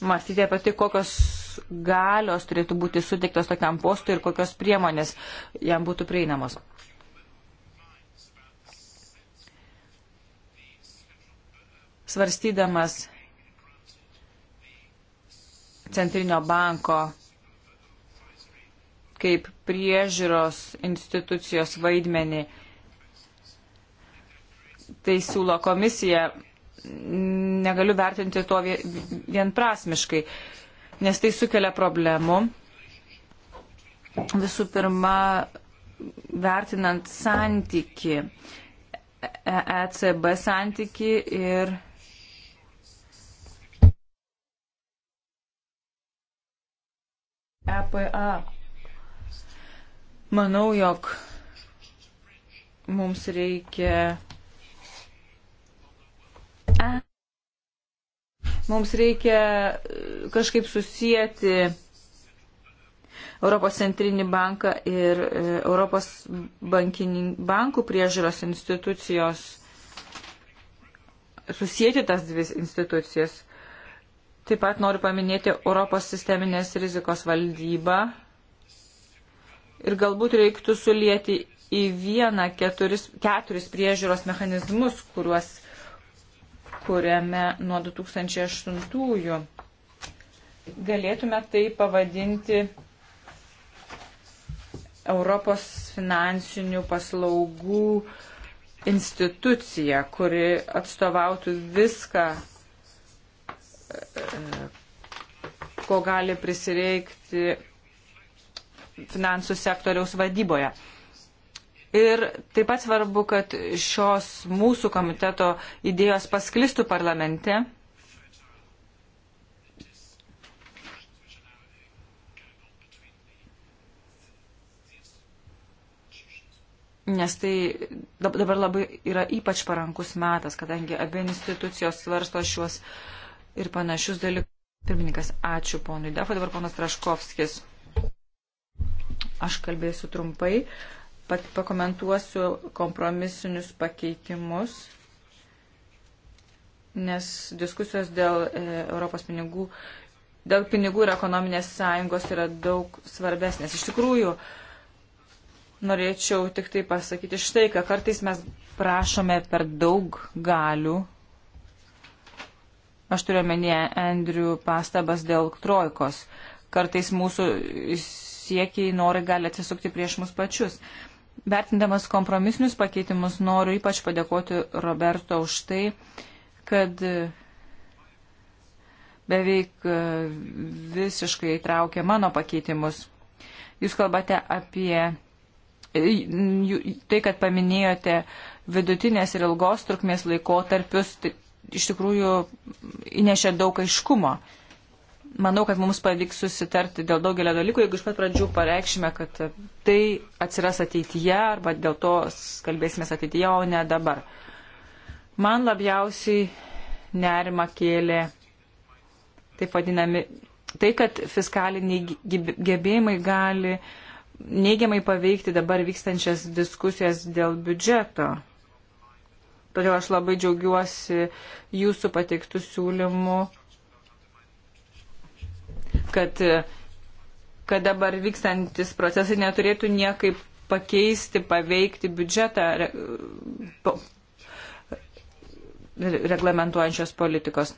mąstyti apie tai, kokios galios turėtų būti suteiktos tokiam postui ir kokios priemonės jam būtų prieinamos. svarstydamas Centrinio banko kaip priežiūros institucijos vaidmenį. Tai siūlo komisija, negaliu vertinti to vienprasmiškai, nes tai sukelia problemų. Visų pirma, vertinant santyki, ECB e santyki ir EPA. Manau, jog mums reikia. Mums reikia e, kažkaip susijęti Europos centrinį banką ir e, Europos bankų priežiūros institucijos, susijęti tas dvi institucijas. Taip pat noriu paminėti Europos sisteminės rizikos valdybą. Ir galbūt reiktų sulieti į vieną keturis, keturis priežiūros mechanizmus, kuriuos kuriame nuo 2008-ųjų. Galėtume tai pavadinti Europos finansinių paslaugų institucija, kuri atstovautų viską, ko gali prisireikti finansų sektoriaus vadyboje. Ir taip pat svarbu, kad šios mūsų komiteto idėjos pasklistų parlamente. Nes tai dabar labai yra ypač parankus metas, kadangi abi institucijos svarsto šiuos uh, ir panašius dalykus. Pirmininkas, ačiū ponui Defo, dabar ponas Traškovskis. Aš kalbėsiu trumpai, pat pakomentuosiu kompromisinius pakeitimus, nes diskusijos dėl e, Europos pinigų, dėl pinigų ir ekonominės sąjungos yra daug svarbesnės. Iš tikrųjų, norėčiau tik tai pasakyti štai, kad kartais mes prašome per daug galių Aš turiu omenyje Andrew pastabas dėl trojkos. Kartais mūsų siekiai, norai gali atsisukti prieš mus pačius. Vertindamas kompromisinius pakeitimus noriu ypač padėkoti Roberto už tai, kad beveik visiškai įtraukė mano pakeitimus. Jūs kalbate apie tai, kad paminėjote vidutinės ir ilgos trukmės laikotarpius, tai iš tikrųjų įnešė daug aiškumo. Manau, kad mums pavyks susitarti dėl daugelio dalykų, jeigu iš pat pradžių pareikšime, kad tai atsiras ateityje arba dėl to kalbėsime ateityje, o ne dabar. Man labiausiai nerima kėlė taip vadinami tai, kad fiskaliniai gebėjimai gali neigiamai paveikti dabar vykstančias diskusijas dėl biudžeto. Todėl aš labai džiaugiuosi jūsų pateiktų siūlymų, kad, kad dabar vykstantis procesai neturėtų niekaip pakeisti, paveikti biudžetą re, po, reglamentuojančios politikos.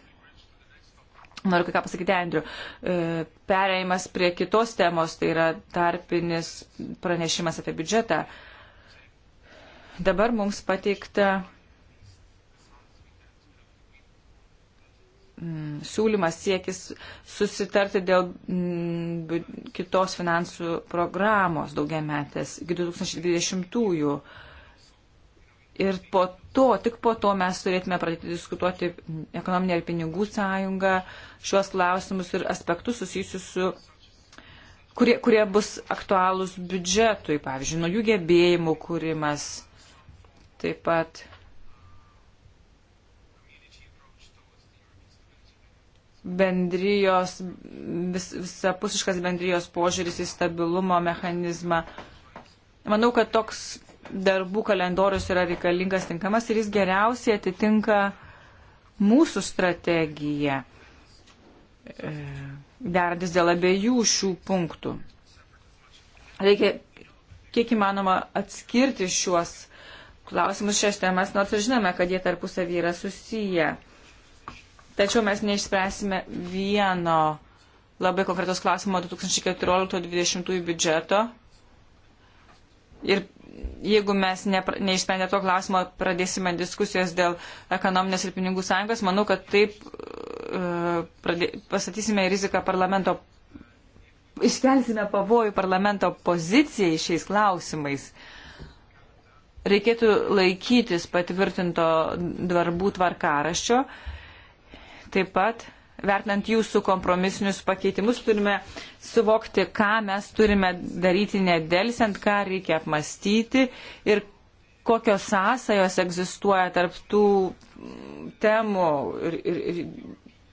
Noriu ką pasakyti, Andriu. E, Pereimas prie kitos temos, tai yra tarpinis pranešimas apie biudžetą. Dabar mums pateikta Mm, siūlymas siekis susitarti dėl mm, kitos finansų programos daugiametės iki 2020-ųjų. Ir po to, tik po to mes turėtume pradėti diskutuoti mm, ekonominę ir pinigų sąjungą, šiuos klausimus ir aspektus susijusius su, kurie, kurie bus aktualūs biudžetui, pavyzdžiui, naujų gebėjimų kūrimas, taip pat bendrijos, vis, visapusiškas bendrijos požiūris į stabilumo mechanizmą. Manau, kad toks darbų kalendorius yra reikalingas tinkamas ir jis geriausiai atitinka mūsų strategiją, e, derantis dėl abiejų šių punktų. Reikia kiek įmanoma atskirti šiuos klausimus šias temas, nors ir žinome, kad jie tarpusavį yra susiję. Tačiau mes neišspręsime vieno labai konkretos klausimo 2014-2020 biudžeto. Ir jeigu mes ne, neišsprendę to klausimo pradėsime diskusijas dėl ekonominės ir pinigų sąjungos, manau, kad taip uh, pradė, pasatysime riziką parlamento, iškelsime pavojų parlamento pozicijai šiais klausimais. Reikėtų laikytis patvirtinto darbų tvarkaraščio Taip pat, vertinant jūsų kompromisinius pakeitimus, turime suvokti, ką mes turime daryti nedelsiant, ką reikia apmastyti ir kokios sąsajos egzistuoja tarp tų temų ir, ir,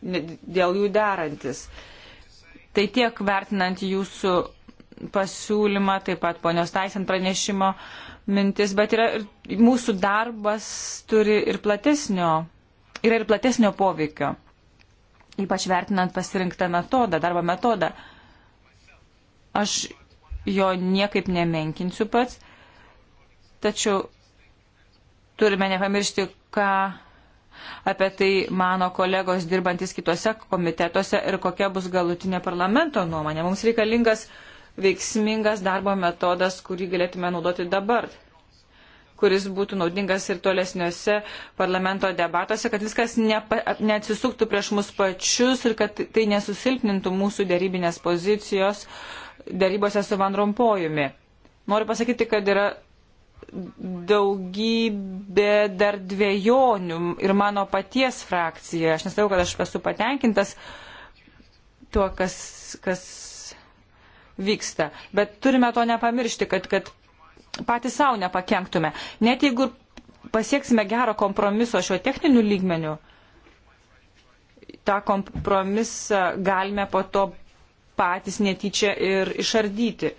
ir dėl jų derantis. Tai tiek vertinant jūsų pasiūlymą, taip pat ponios Taisant pranešimo mintis, bet yra ir mūsų darbas turi ir platesnio, yra ir platesnio poveikio ypač vertinant pasirinktą metodą, darbo metodą. Aš jo niekaip nemenkinsiu pats, tačiau turime nepamiršti, ką apie tai mano kolegos dirbantis kitose komitetuose ir kokia bus galutinė parlamento nuomonė. Mums reikalingas veiksmingas darbo metodas, kurį galėtume naudoti dabar kuris būtų naudingas ir tolesniuose parlamento debatuose, kad viskas nepa, neatsisuktų prieš mus pačius ir kad tai nesusilpnintų mūsų dėrybinės pozicijos dėrybose su Van Rompojumi. Noriu pasakyti, kad yra daugybė dar dviejonių ir mano paties frakcija. Aš nesakau, kad aš esu patenkintas tuo, kas, kas vyksta. Bet turime to nepamiršti, kad, kad patys savo nepakenktume. Net jeigu pasieksime gero kompromiso šiuo techniniu lygmeniu, tą kompromisą galime po to patys netyčia ir išardyti.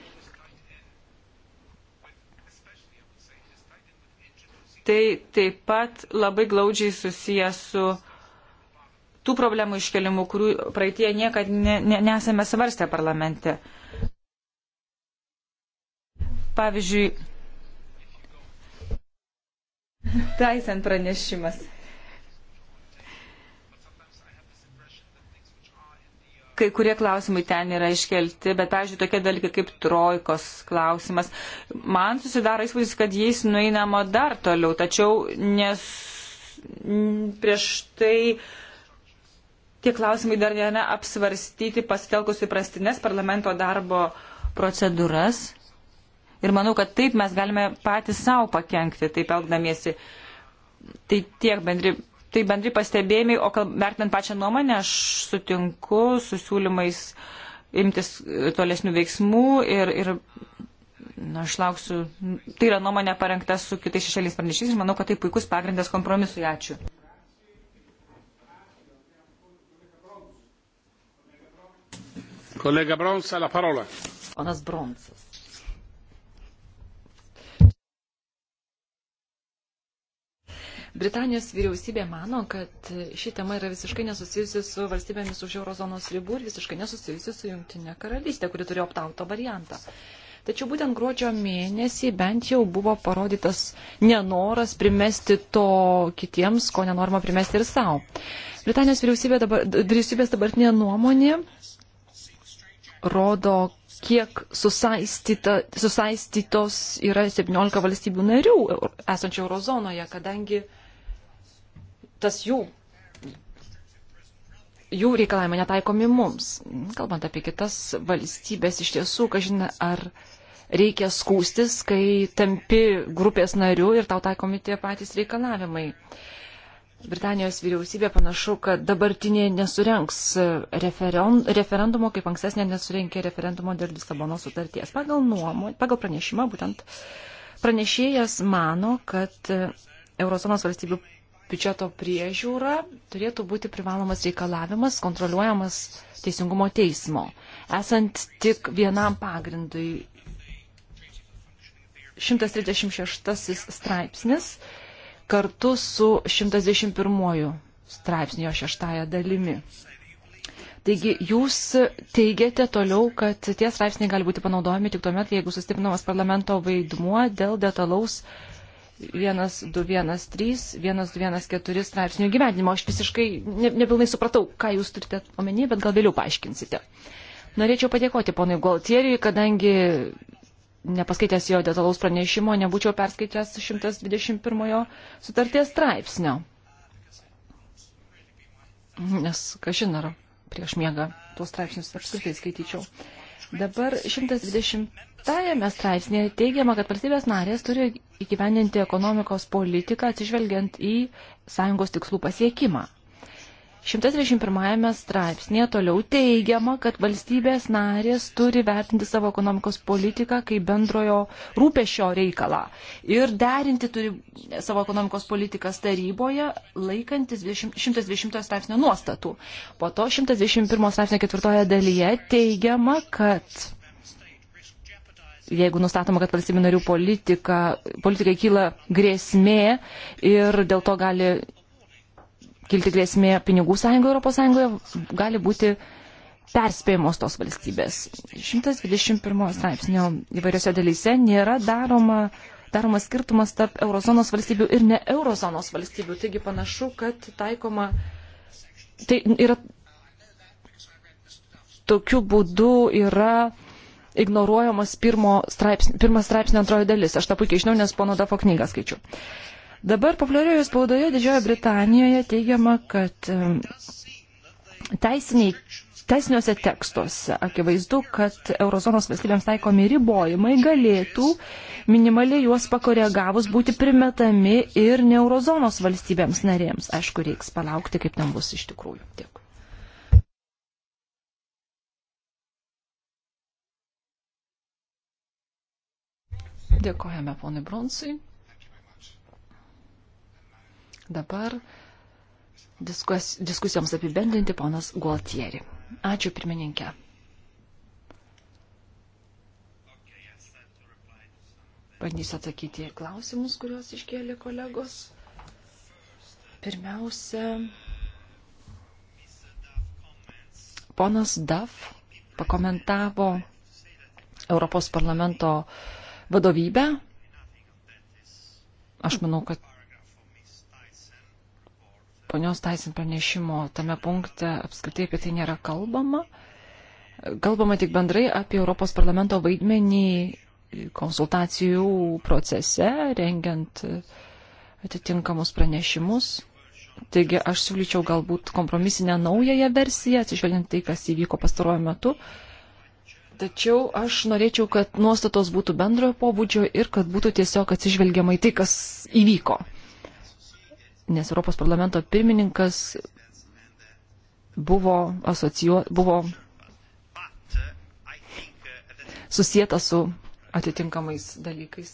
Tai taip pat labai glaudžiai susijęs su tų problemų iškelimu, kurių praeitie niekad ne, ne, nesame svarstę parlamente. Pavyzdžiui, Taisen pranešimas. kai kurie klausimai ten yra iškelti, bet, pavyzdžiui, tokie dalykai kaip trojkos klausimas. Man susidaro įspūdis, kad jais nueinama dar toliau, tačiau nes prieš tai tie klausimai dar nėra apsvarstyti pasitelkus įprastinės parlamento darbo procedūras. Ir manau, kad taip mes galime patys savo pakengti, taip elgdamiesi. Tai tiek bendri, tai bendri pastebėjimai, o vertinant pačią nuomonę, aš sutinku su siūlymais imtis e, tolesnių veiksmų ir, ir na, aš lauksiu, tai yra nuomonė parengta su kitais šešėliais pranešiais ir manau, kad tai puikus pagrindas kompromisui. Ačiū. Kolega Bronsa, la parola. Ponas Bronsas. Britanijos vyriausybė mano, kad ši tema yra visiškai nesusijusi su valstybėmis už eurozonos ribų ir visiškai nesusijusi su Junktinė karalystė, kuri turi optauto variantą. Tačiau būtent gruodžio mėnesį bent jau buvo parodytas nenoras primesti to kitiems, ko nenorima primesti ir savo. Britanijos vyriausybė dabar, vyriausybės dabartinė nuomonė rodo, kiek susaistytos yra 17 valstybių narių esančių eurozonoje, kadangi tas jų, jų reikalavimai netaikomi mums. Kalbant apie kitas valstybės, iš tiesų, kažina, ar reikia skūstis, kai tampi grupės nariu ir tau taikomi tie patys reikalavimai. Britanijos vyriausybė panašu, kad dabartinė nesurenks referen, referendumo, kaip ankstesnė nesurenkė referendumo dėl Lisabonos sutarties. Pagal, nuomo, pagal pranešimą būtent pranešėjas mano, kad Eurozonos valstybių biudžeto priežiūra turėtų būti privalomas reikalavimas kontroliuojamas teisingumo teismo, esant tik vienam pagrindui. 136 straipsnis kartu su 111 straipsnio šeštąją dalimi. Taigi jūs teigiate toliau, kad tie straipsniai gali būti panaudojami tik tuomet, jeigu sustiprinamas parlamento vaidmuo dėl detalaus 1213-1214 straipsnių gyvenimo. Aš visiškai ne, nepilnai supratau, ką jūs turite omenyje, bet gal vėliau paaiškinsite. Norėčiau padėkoti ponui Gualtieriui, kadangi nepaskaitęs jo detalaus pranešimo, nebūčiau perskaitęs 121 sutarties straipsnio. Nes, kažin ar prieš miegą tuos straipsnius apskritai skaityčiau. Dabar 120 Penktajame straipsnėje teigiama, kad valstybės narės turi įgyvendinti ekonomikos politiką atsižvelgiant į sąjungos tikslų pasiekimą. 131 straipsnėje toliau teigiama, kad valstybės narės turi vertinti savo ekonomikos politiką kaip bendrojo rūpešio reikalą ir derinti turi savo ekonomikos politikas taryboje laikantis 120 straipsnio nuostatų. Po to 121 straipsnio ketvirtoje dalyje teigiama, kad jeigu nustatoma, kad valstybių narių politika, politikai kyla grėsmė ir dėl to gali kilti grėsmė pinigų sąjungoje Europos sąjungoje, gali būti perspėjamos tos valstybės. 121 straipsnio įvairiose dalyse nėra daroma daromas skirtumas tarp eurozonos valstybių ir ne eurozonos valstybių. Taigi panašu, kad taikoma. Tai yra. Tokiu būdu yra ignoruojamas pirmo straipsnio, pirmas straipsnio antroji dalis. Aš tą puikiai žinau, nes pono Dafo knygą skaičiu. Dabar populiarioje spaudoje Didžiojo Britanijoje teigiama, kad teisiniai, teisiniuose tekstuose akivaizdu, kad eurozonos valstybėms taikomi ribojimai galėtų minimaliai juos pakoregavus būti primetami ir ne eurozonos valstybėms narėms. Aišku, reiks palaukti, kaip ten bus iš tikrųjų. Dėkui. Dėkojame ponui Bronsui. Dabar diskus, diskusijoms apibendrinti ponas Gualtieri. Ačiū pirmininkė. Bandysiu atsakyti į klausimus, kuriuos iškėlė kolegos. Pirmiausia, ponas Daf pakomentavo Europos parlamento uh, vadovybę. Aš manau, kad ponios Taisin pranešimo tame punkte apskritai apie tai nėra kalbama. Kalbama tik bendrai apie Europos parlamento vaidmenį konsultacijų procese, rengiant atitinkamus pranešimus. Taigi aš siūlyčiau galbūt kompromisinę naująją versiją, atsižvelgiant tai, kas įvyko pastaruoju metu. Uh, Tačiau aš norėčiau, kad nuostatos būtų bendrojo pobūdžio ir kad būtų tiesiog atsižvelgiama į tai, kas įvyko. Nes Europos parlamento pirmininkas buvo, asocijuo, buvo susijęta su atitinkamais dalykais.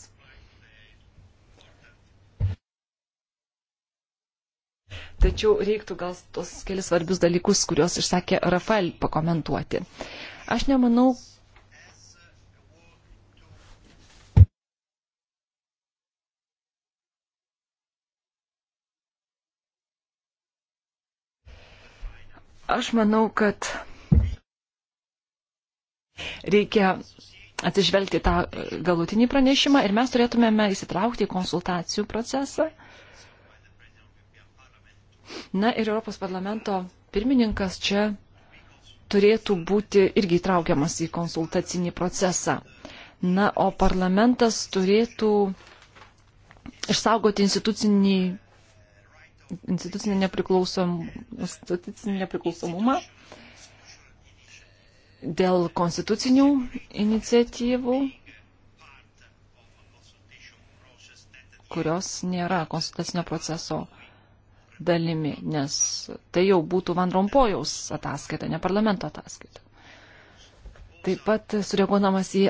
Tačiau reiktų gal tos kelias svarbius dalykus, kuriuos išsakė Rafael, pakomentuoti. Aš nemanau, Aš manau, kad reikia atsižvelgti tą galutinį pranešimą ir mes turėtumėme įsitraukti į konsultacijų procesą. Na ir Europos parlamento pirmininkas čia turėtų būti irgi įtraukiamas į konsultacinį procesą. Na, o parlamentas turėtų išsaugoti institucinį institucinį nepriklausom, nepriklausomumą dėl konstitucinių iniciatyvų, kurios nėra konstitucinio proceso dalimi, nes tai jau būtų Van Rompojaus ataskaita, ne parlamento ataskaita. Taip pat sureaguodamas į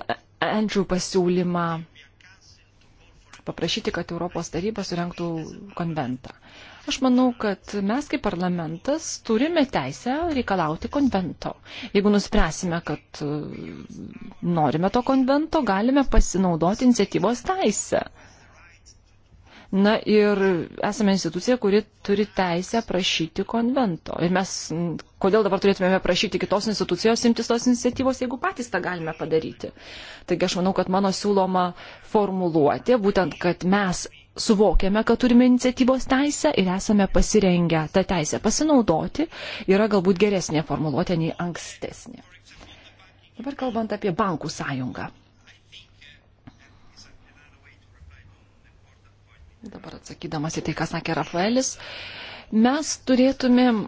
Andrew pasiūlymą paprašyti, kad Europos taryba surenktų konventą. Aš manau, kad mes kaip parlamentas turime teisę reikalauti konvento. Jeigu nuspręsime, kad e, norime to konvento, galime pasinaudoti iniciatyvos teisę. Na ir esame institucija, kuri turi teisę prašyti konvento. Ir mes, kodėl dabar turėtumėme prašyti kitos institucijos imtis tos iniciatyvos, jeigu patys tą galime padaryti. Taigi aš manau, kad mano siūloma formuluotė, būtent, kad mes suvokiame, kad turime iniciatyvos teisę ir esame pasirengę tą teisę pasinaudoti, yra galbūt geresnė formuluotė nei ankstesnė. Dabar kalbant apie bankų sąjungą. Dabar atsakydamas į tai, ką sakė Rafaelis, mes turėtumėm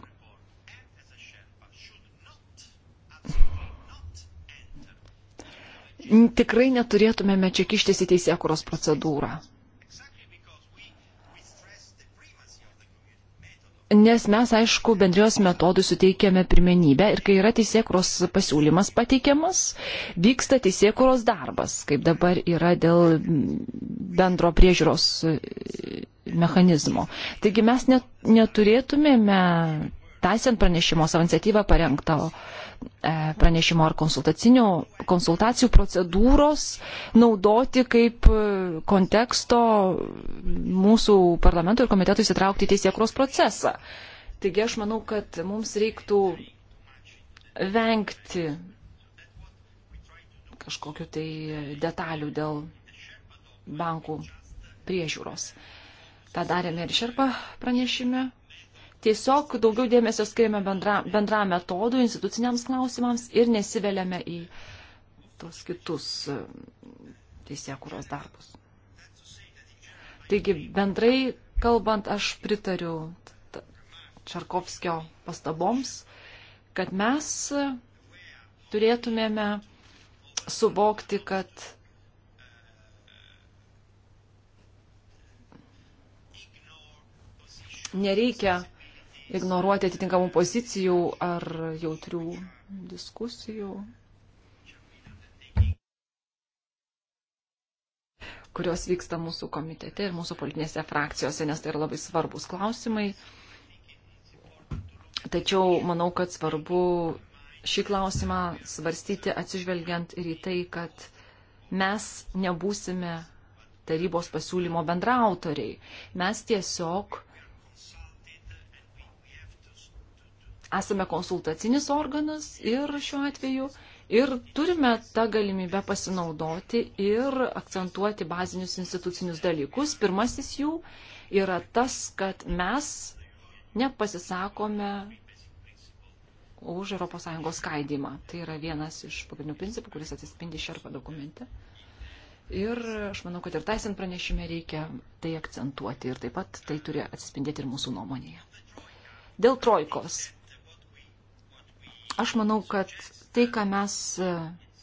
tikrai neturėtumėme čia kištis į teisėkuros procedūrą. Nes mes, aišku, bendrijos metodų suteikėme pirmenybę ir kai yra teisėkuros pasiūlymas pateikiamas, vyksta teisėkuros darbas, kaip dabar yra dėl bendro priežiūros mechanizmo. Taigi mes net, neturėtumėme Taisen pranešimo savo iniciatyvą parengto e, pranešimo ar konsultacijų procedūros naudoti kaip e, konteksto mūsų parlamento ir komitetų įsitraukti į teisėkros procesą. Taigi aš manau, kad mums reiktų vengti kažkokiu tai detalių dėl bankų priežiūros. Ta darėme ir šerpa pranešime tiesiog daugiau dėmesio skiriame bendram bendra metodui, instituciniams klausimams ir nesiveliame į tos kitus e, teisėkuros darbus. Taigi bendrai kalbant, aš pritariu Čarkovskio pastaboms, kad mes turėtumėme suvokti, kad nereikia ignoruoti atitinkamų pozicijų ar jautrių diskusijų, kurios vyksta mūsų komitete ir mūsų politinėse frakcijose, nes tai yra labai svarbus klausimai. Tačiau manau, kad svarbu šį klausimą svarstyti atsižvelgiant ir į tai, kad mes nebūsime tarybos pasiūlymo bendrautoriai. Mes tiesiog esame konsultacinis organas ir šiuo atveju ir turime tą galimybę pasinaudoti ir akcentuoti bazinius institucinius dalykus. Pirmasis jų yra tas, kad mes nepasisakome už ES skaidimą. Tai yra vienas iš pagrindinių principų, kuris atsispindi šerpa dokumente. Ir aš manau, kad ir taisant pranešime reikia tai akcentuoti ir taip pat tai turi atsispindėti ir mūsų nuomonėje. Dėl trojkos Aš manau, kad tai, ką mes e,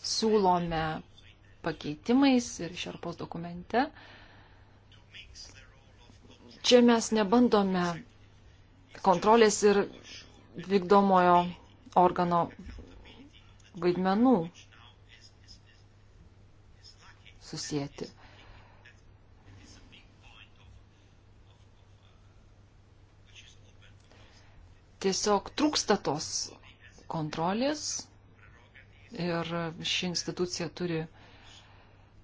siūlome pakeitimais ir šerpos dokumente, čia mes nebandome kontrolės ir vykdomojo organo vaidmenų susijęti. Tiesiog trūksta tos kontrolės ir ši institucija turi,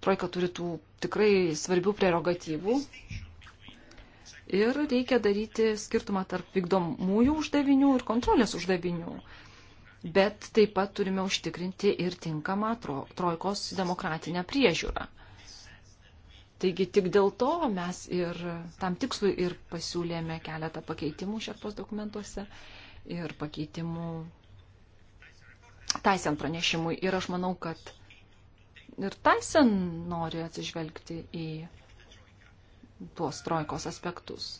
trojka turi tų tikrai svarbių prerogatyvų. Ir reikia daryti skirtumą tarp vykdomųjų uždavinių ir kontrolės uždavinių. Bet taip pat turime užtikrinti ir tinkamą trojkos demokratinę priežiūrą. Taigi tik dėl to mes ir tam tikslui ir pasiūlėme keletą pakeitimų šios dokumentuose ir pakeitimų Taisen pranešimui. Ir aš manau, kad ir Taisen nori atsižvelgti į tuos trojkos aspektus.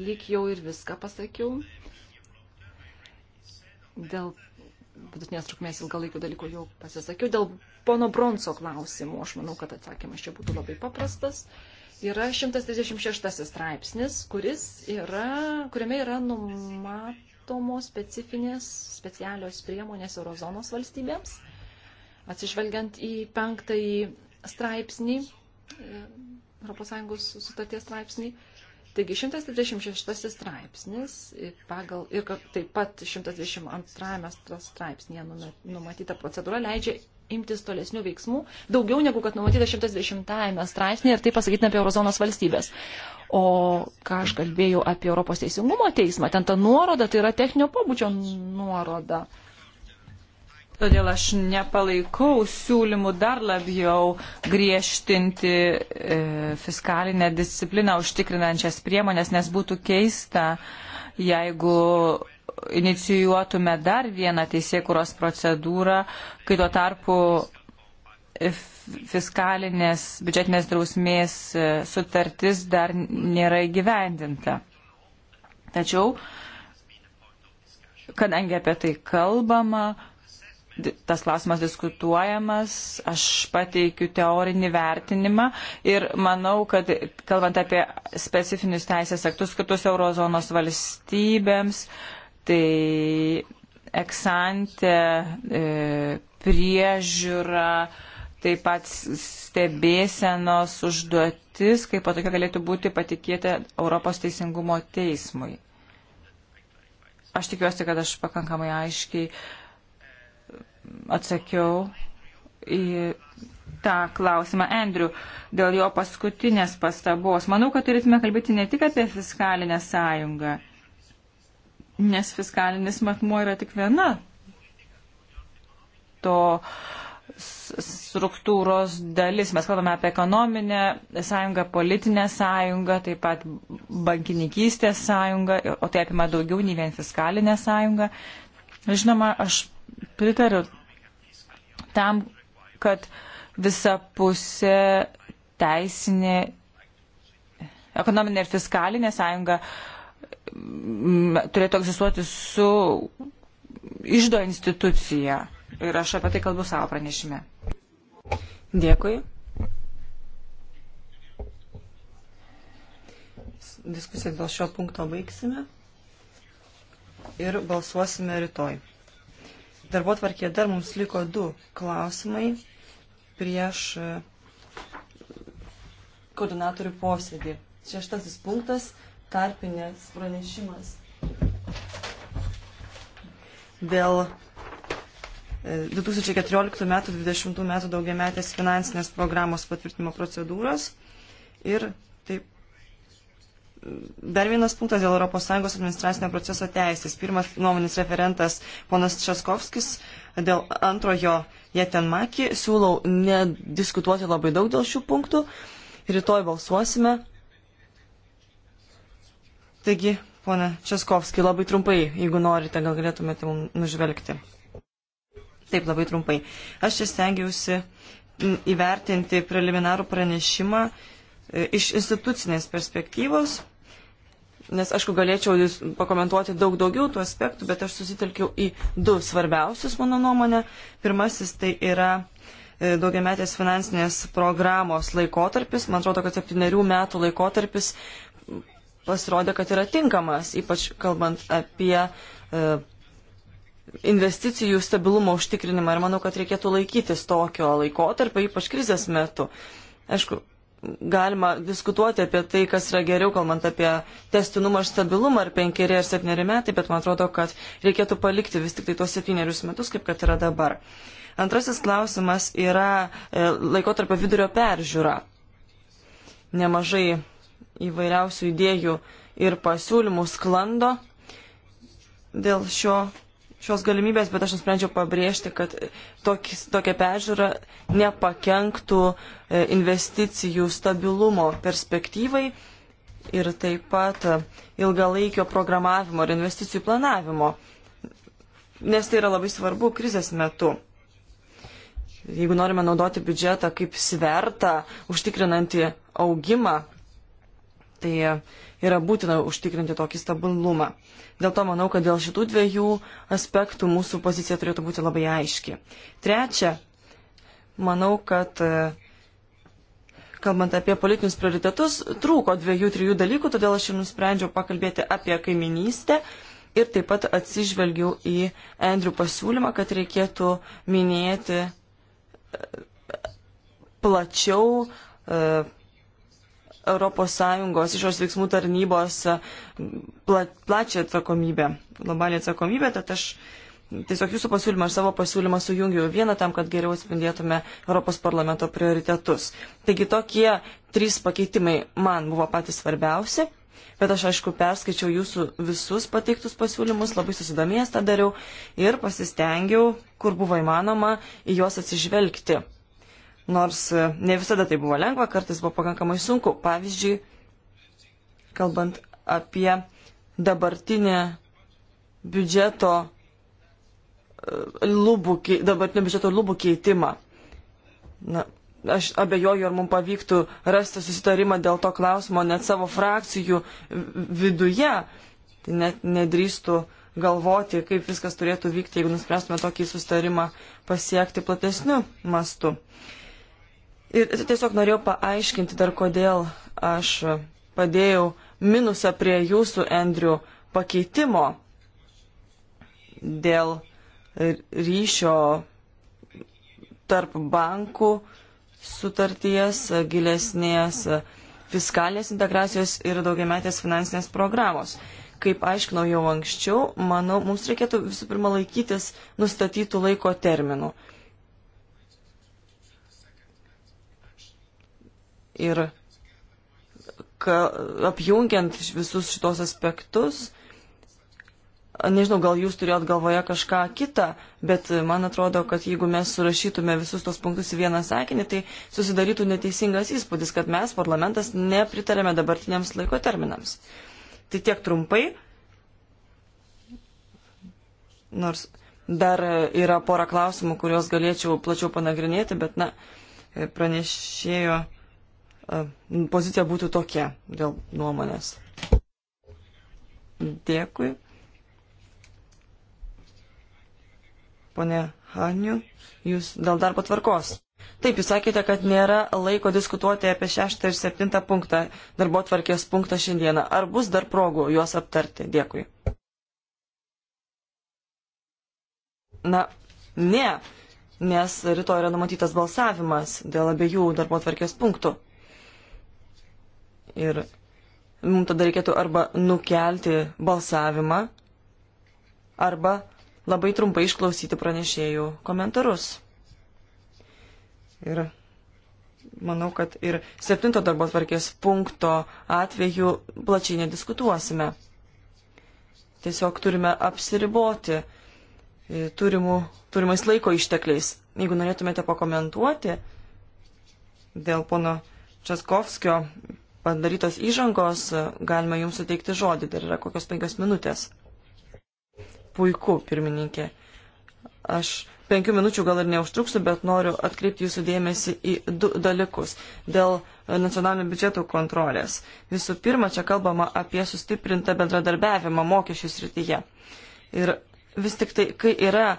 Lyg jau ir viską pasakiau. Dėl vidutinės trukmės ilgalaikių dalykų jau pasisakiau. Dėl pono Bronso klausimų aš manau, kad atsakymas čia būtų labai paprastas. Uh, yra 136 straipsnis, kuris yra, kuriame yra numatomos specifinės specialios priemonės eurozonos valstybėms. Atsižvelgiant į penktąjį straipsnį, ES sutarties straipsnį. Taigi 136 straipsnis pagal, ir taip pat 122 straipsnėje numatyta procedūra leidžia imtis tolesnių veiksmų, daugiau negu kad numatyta 110 straipsnėje ir tai pasakytina apie eurozonos valstybės. O ką aš kalbėjau apie Europos teisingumo teismą, ten ta nuoroda tai yra techninio pobūdžio nuoroda. Todėl aš nepalaikau siūlymų dar labiau griežtinti e, fiskalinę discipliną užtikrinančias priemonės, nes būtų keista, jeigu inicijuotume dar vieną teisėkuros procedūrą, kai tuo tarpu fiskalinės biudžetinės drausmės e, sutartis dar nėra įgyvendinta. Tačiau, kadangi apie tai kalbama, tas klausimas diskutuojamas, aš pateikiu teorinį vertinimą ir manau, kad kalbant apie specifinius teisės aktus skirtus eurozonos valstybėms, uh, tai eksantė e, priežiūra, taip pat stebėsenos užduotis, kaip patokia galėtų būti patikėta Europos teisingumo teismui. Aš tikiuosi, kad aš pakankamai aiškiai atsakiau į tą klausimą Andriu dėl jo paskutinės pastabos. Manau, kad turėtume kalbėti ne tik apie fiskalinę sąjungą nes fiskalinis matmuo yra tik viena to struktūros dalis. Mes kalbame apie ekonominę sąjungą, politinę sąjungą, taip pat bankininkystės sąjungą, o tai apima daugiau nei vien fiskalinę sąjungą. Žinoma, aš pritariu tam, kad visa pusė teisinė, ekonominė ir fiskalinė sąjunga uh, turėtų egzistuoti su išdo institucija. Ir aš apie tai kalbu savo pranešime. Dėkui. Diskusiją dėl šio punkto baigsime ir balsuosime rytoj. Darbo tvarkė dar mums liko du klausimai prieš e, koordinatorių posėdį. Šeštasis punktas tarpinės pranešimas dėl 2014 m. 2020 m. daugiametės finansinės programos patvirtinimo procedūros ir taip e, Dar vienas punktas dėl ES administracinio proceso teisės. Pirmas nuomonės referentas ponas Českovskis dėl antrojo Jetenmaki. Siūlau nediskutuoti labai daug dėl šių punktų. Rytoj balsuosime Taigi, pone Českovski, labai trumpai, jeigu norite, gal galėtumėte mums nužvelgti. Taip, labai trumpai. Aš čia stengiausi įvertinti preliminarų pranešimą e, iš institucinės perspektyvos, nes aišku galėčiau jūs pakomentuoti daug daugiau tų aspektų, bet aš susitelkiau į du svarbiausius mano nuomonę. Pirmasis tai yra e, daugiametės finansinės programos laikotarpis. Man atrodo, kad septyniarių metų laikotarpis pasirodė, kad yra tinkamas, ypač kalbant apie e, investicijų stabilumo užtikrinimą ir manau, kad reikėtų laikytis tokio laikotarpio, ypač krizės metu. Aišku, galima diskutuoti apie tai, kas yra geriau, kalbant apie testinumą ir stabilumą, ar penkeri ar septyneri metai, bet man atrodo, kad reikėtų palikti vis tik tai tuos septynerius metus, kaip kad yra dabar. Antrasis klausimas yra e, laikotarpio vidurio peržiūra. Nemažai įvairiausių idėjų ir pasiūlymų sklando dėl šio, šios galimybės, bet aš nusprendžiau pabrėžti, kad tokis, tokia peržiūra nepakenktų e, investicijų stabilumo perspektyvai ir taip pat e, ilgalaikio programavimo ir investicijų planavimo, nes tai yra labai svarbu krizės metu. Jeigu norime naudoti biudžetą kaip svertą, užtikrinantį augimą Tai yra būtina užtikrinti tokį stabilumą. Dėl to manau, kad dėl šitų dviejų aspektų mūsų pozicija turėtų būti labai aiški. Trečia, manau, kad e, kalbant apie politinius prioritetus, trūko dviejų, trijų dalykų, todėl aš ir nusprendžiau pakalbėti apie kaiminystę ir taip pat atsižvelgiau į Andrių pasiūlymą, kad reikėtų minėti e, plačiau e, ES išos veiksmų tarnybos e, pla, plačią atsakomybę, globalią atsakomybę, tad aš tiesiog jūsų pasiūlymą ir savo pasiūlymą sujungiau vieną tam, kad geriau atspindėtume Europos parlamento prioritetus. Taigi tokie trys pakeitimai man buvo patys svarbiausi. Bet aš aišku perskaičiau jūsų visus pateiktus pasiūlymus, labai susidomėjęs tą dariau ir pasistengiau, kur buvo įmanoma, į juos atsižvelgti. Nors e, ne visada tai buvo lengva, kartais buvo pakankamai sunku. Pavyzdžiui, kalbant apie dabartinę biudžeto e, lubų, dabartinio biudžeto lubų keitimą. Na, aš abejoju, ar mums pavyktų rasti susitarimą dėl to klausimo net savo frakcijų viduje. Tai net nedrįstų galvoti, kaip viskas turėtų vykti, jeigu nuspręstume tokį susitarimą pasiekti platesniu mastu. Uh, Ir tiesiog norėjau paaiškinti dar, kodėl aš padėjau minusą prie jūsų, Andriu, pakeitimo dėl ryšio tarp bankų sutarties, gilesnės fiskalės integracijos ir daugiametės finansinės programos. Kaip aiškinau jau anksčiau, manau, mums reikėtų visų pirma laikytis nustatytų laiko terminų. Ir ka, apjungiant visus šitos aspektus, nežinau, gal jūs turėjot galvoje kažką kitą, bet man atrodo, kad jeigu mes surašytume visus tos punktus į vieną sakinį, tai susidarytų neteisingas įspūdis, kad mes, parlamentas, nepritarėme dabartiniams laiko terminams. Tai tiek trumpai, nors dar yra pora klausimų, kuriuos galėčiau plačiau panagrinėti, bet, na, pranešėjo pozicija būtų tokia dėl nuomonės. Dėkui. Pone Haniu, jūs dėl darbo tvarkos. Taip, jūs sakėte, kad nėra laiko diskutuoti apie šeštą ir septintą punktą, darbo tvarkės punktą šiandieną. Ar bus dar progų juos aptarti? Dėkui. Na, ne, nes rytoj yra numatytas balsavimas dėl abiejų darbo tvarkės punktų. Ir mums tada reikėtų arba nukelti balsavimą, arba labai trumpai išklausyti pranešėjų komentarus. Ir manau, kad ir septinto darbo tvarkės punkto atveju plačiai nediskutuosime. Tiesiog turime apsiriboti e, turimų, turimais laiko ištekliais. Jeigu norėtumėte pakomentuoti dėl pono Českovskio padarytos įžangos galima jums suteikti žodį, dar yra kokios penkios minutės. Puiku, pirmininkė. Aš penkių minučių gal ir neužtruksiu, bet noriu atkreipti jūsų dėmesį į du dalykus dėl nacionalinių biudžetų kontrolės. Visų pirma, čia kalbama apie sustiprintą bendradarbiavimą mokesčių srityje. Ir vis tik tai, kai yra e,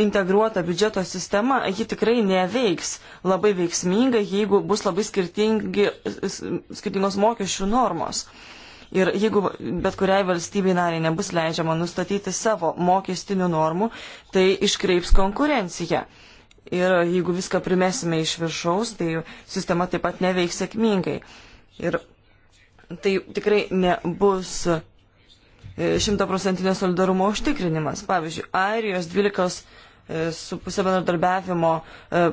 integruota biudžeto sistema, ji tikrai neveiks labai veiksmingai, jeigu bus labai skirtingos mokesčių normos. Ir jeigu bet kuriai valstybei nariai nebus leidžiama nustatyti savo mokestinių normų, tai iškreips konkurenciją. Ir jeigu viską primesime iš viršaus, tai sistema taip pat neveiks sėkmingai. Ir tai tikrai nebus šimtaprocentinio solidarumo užtikrinimas. Pavyzdžiui, Airijos 12 e, su pusė bendradarbiavimo e,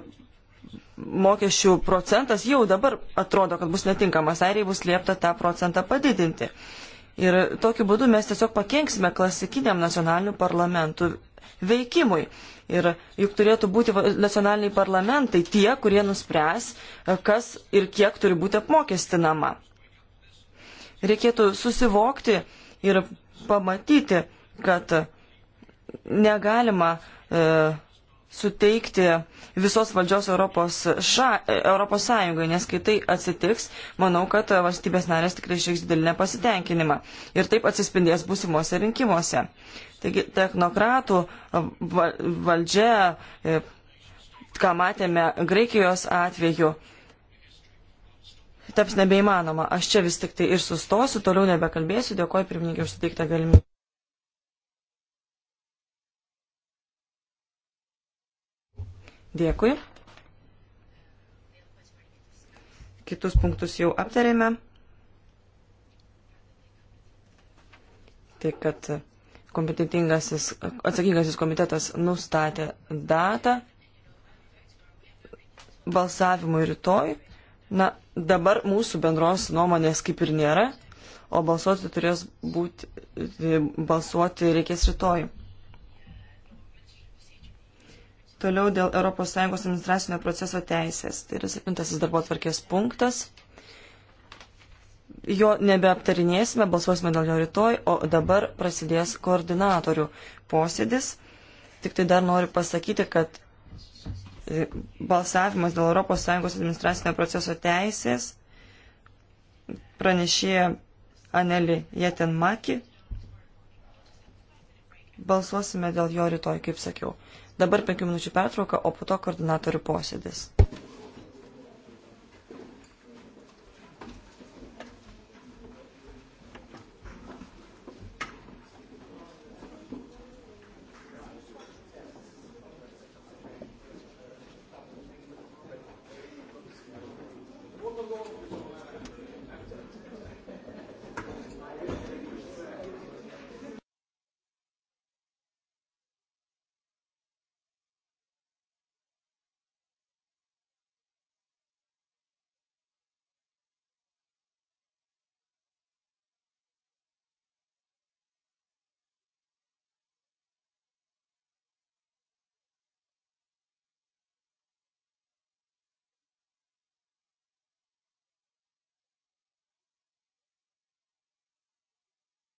mokesčių procentas jau dabar atrodo, kad bus netinkamas. Airijai bus liepta tą procentą padidinti. Ir tokiu būdu mes tiesiog pakenksime klasikiniam nacionalinių parlamentų veikimui. Ir juk turėtų būti nacionaliniai parlamentai tie, kurie nuspręs, e, kas ir kiek turi būti apmokestinama. Reikėtų susivokti ir pamatyti, kad negalima e, suteikti visos valdžios Europos, ša, e, Europos Sąjungai, nes kai tai atsitiks, manau, kad valstybės narės tikrai išreiks didelį nepasitenkinimą ir taip atsispindės būsimuose rinkimuose. Taigi technokratų e, valdžia, e, ką matėme Graikijos atveju, taps nebeįmanoma. Aš čia vis tik tai ir sustosiu, toliau nebekalbėsiu. Dėkoju pirmininkai už suteiktą galimybę. Dėkui. Kitus punktus jau aptarėme. Tai kad kompetentingasis, atsakingasis komitetas nustatė datą balsavimui rytoj Na, dabar mūsų bendros nuomonės kaip ir nėra, o balsuoti turės būti, e, balsuoti reikės rytoj. Toliau dėl ES administracinio proceso teisės. Tai yra septintasis darbo tvarkės punktas. Jo nebeaptarinėsime, balsuosime dėl jo rytoj, o dabar prasidės koordinatorių posėdis. Tik tai dar noriu pasakyti, kad balsavimas dėl ES administracinio proceso teisės pranešėja Aneli Jetenmaki. Balsuosime dėl jo rytoj, kaip sakiau. Dabar penkių minučių pertrauka, o po to koordinatorių posėdis.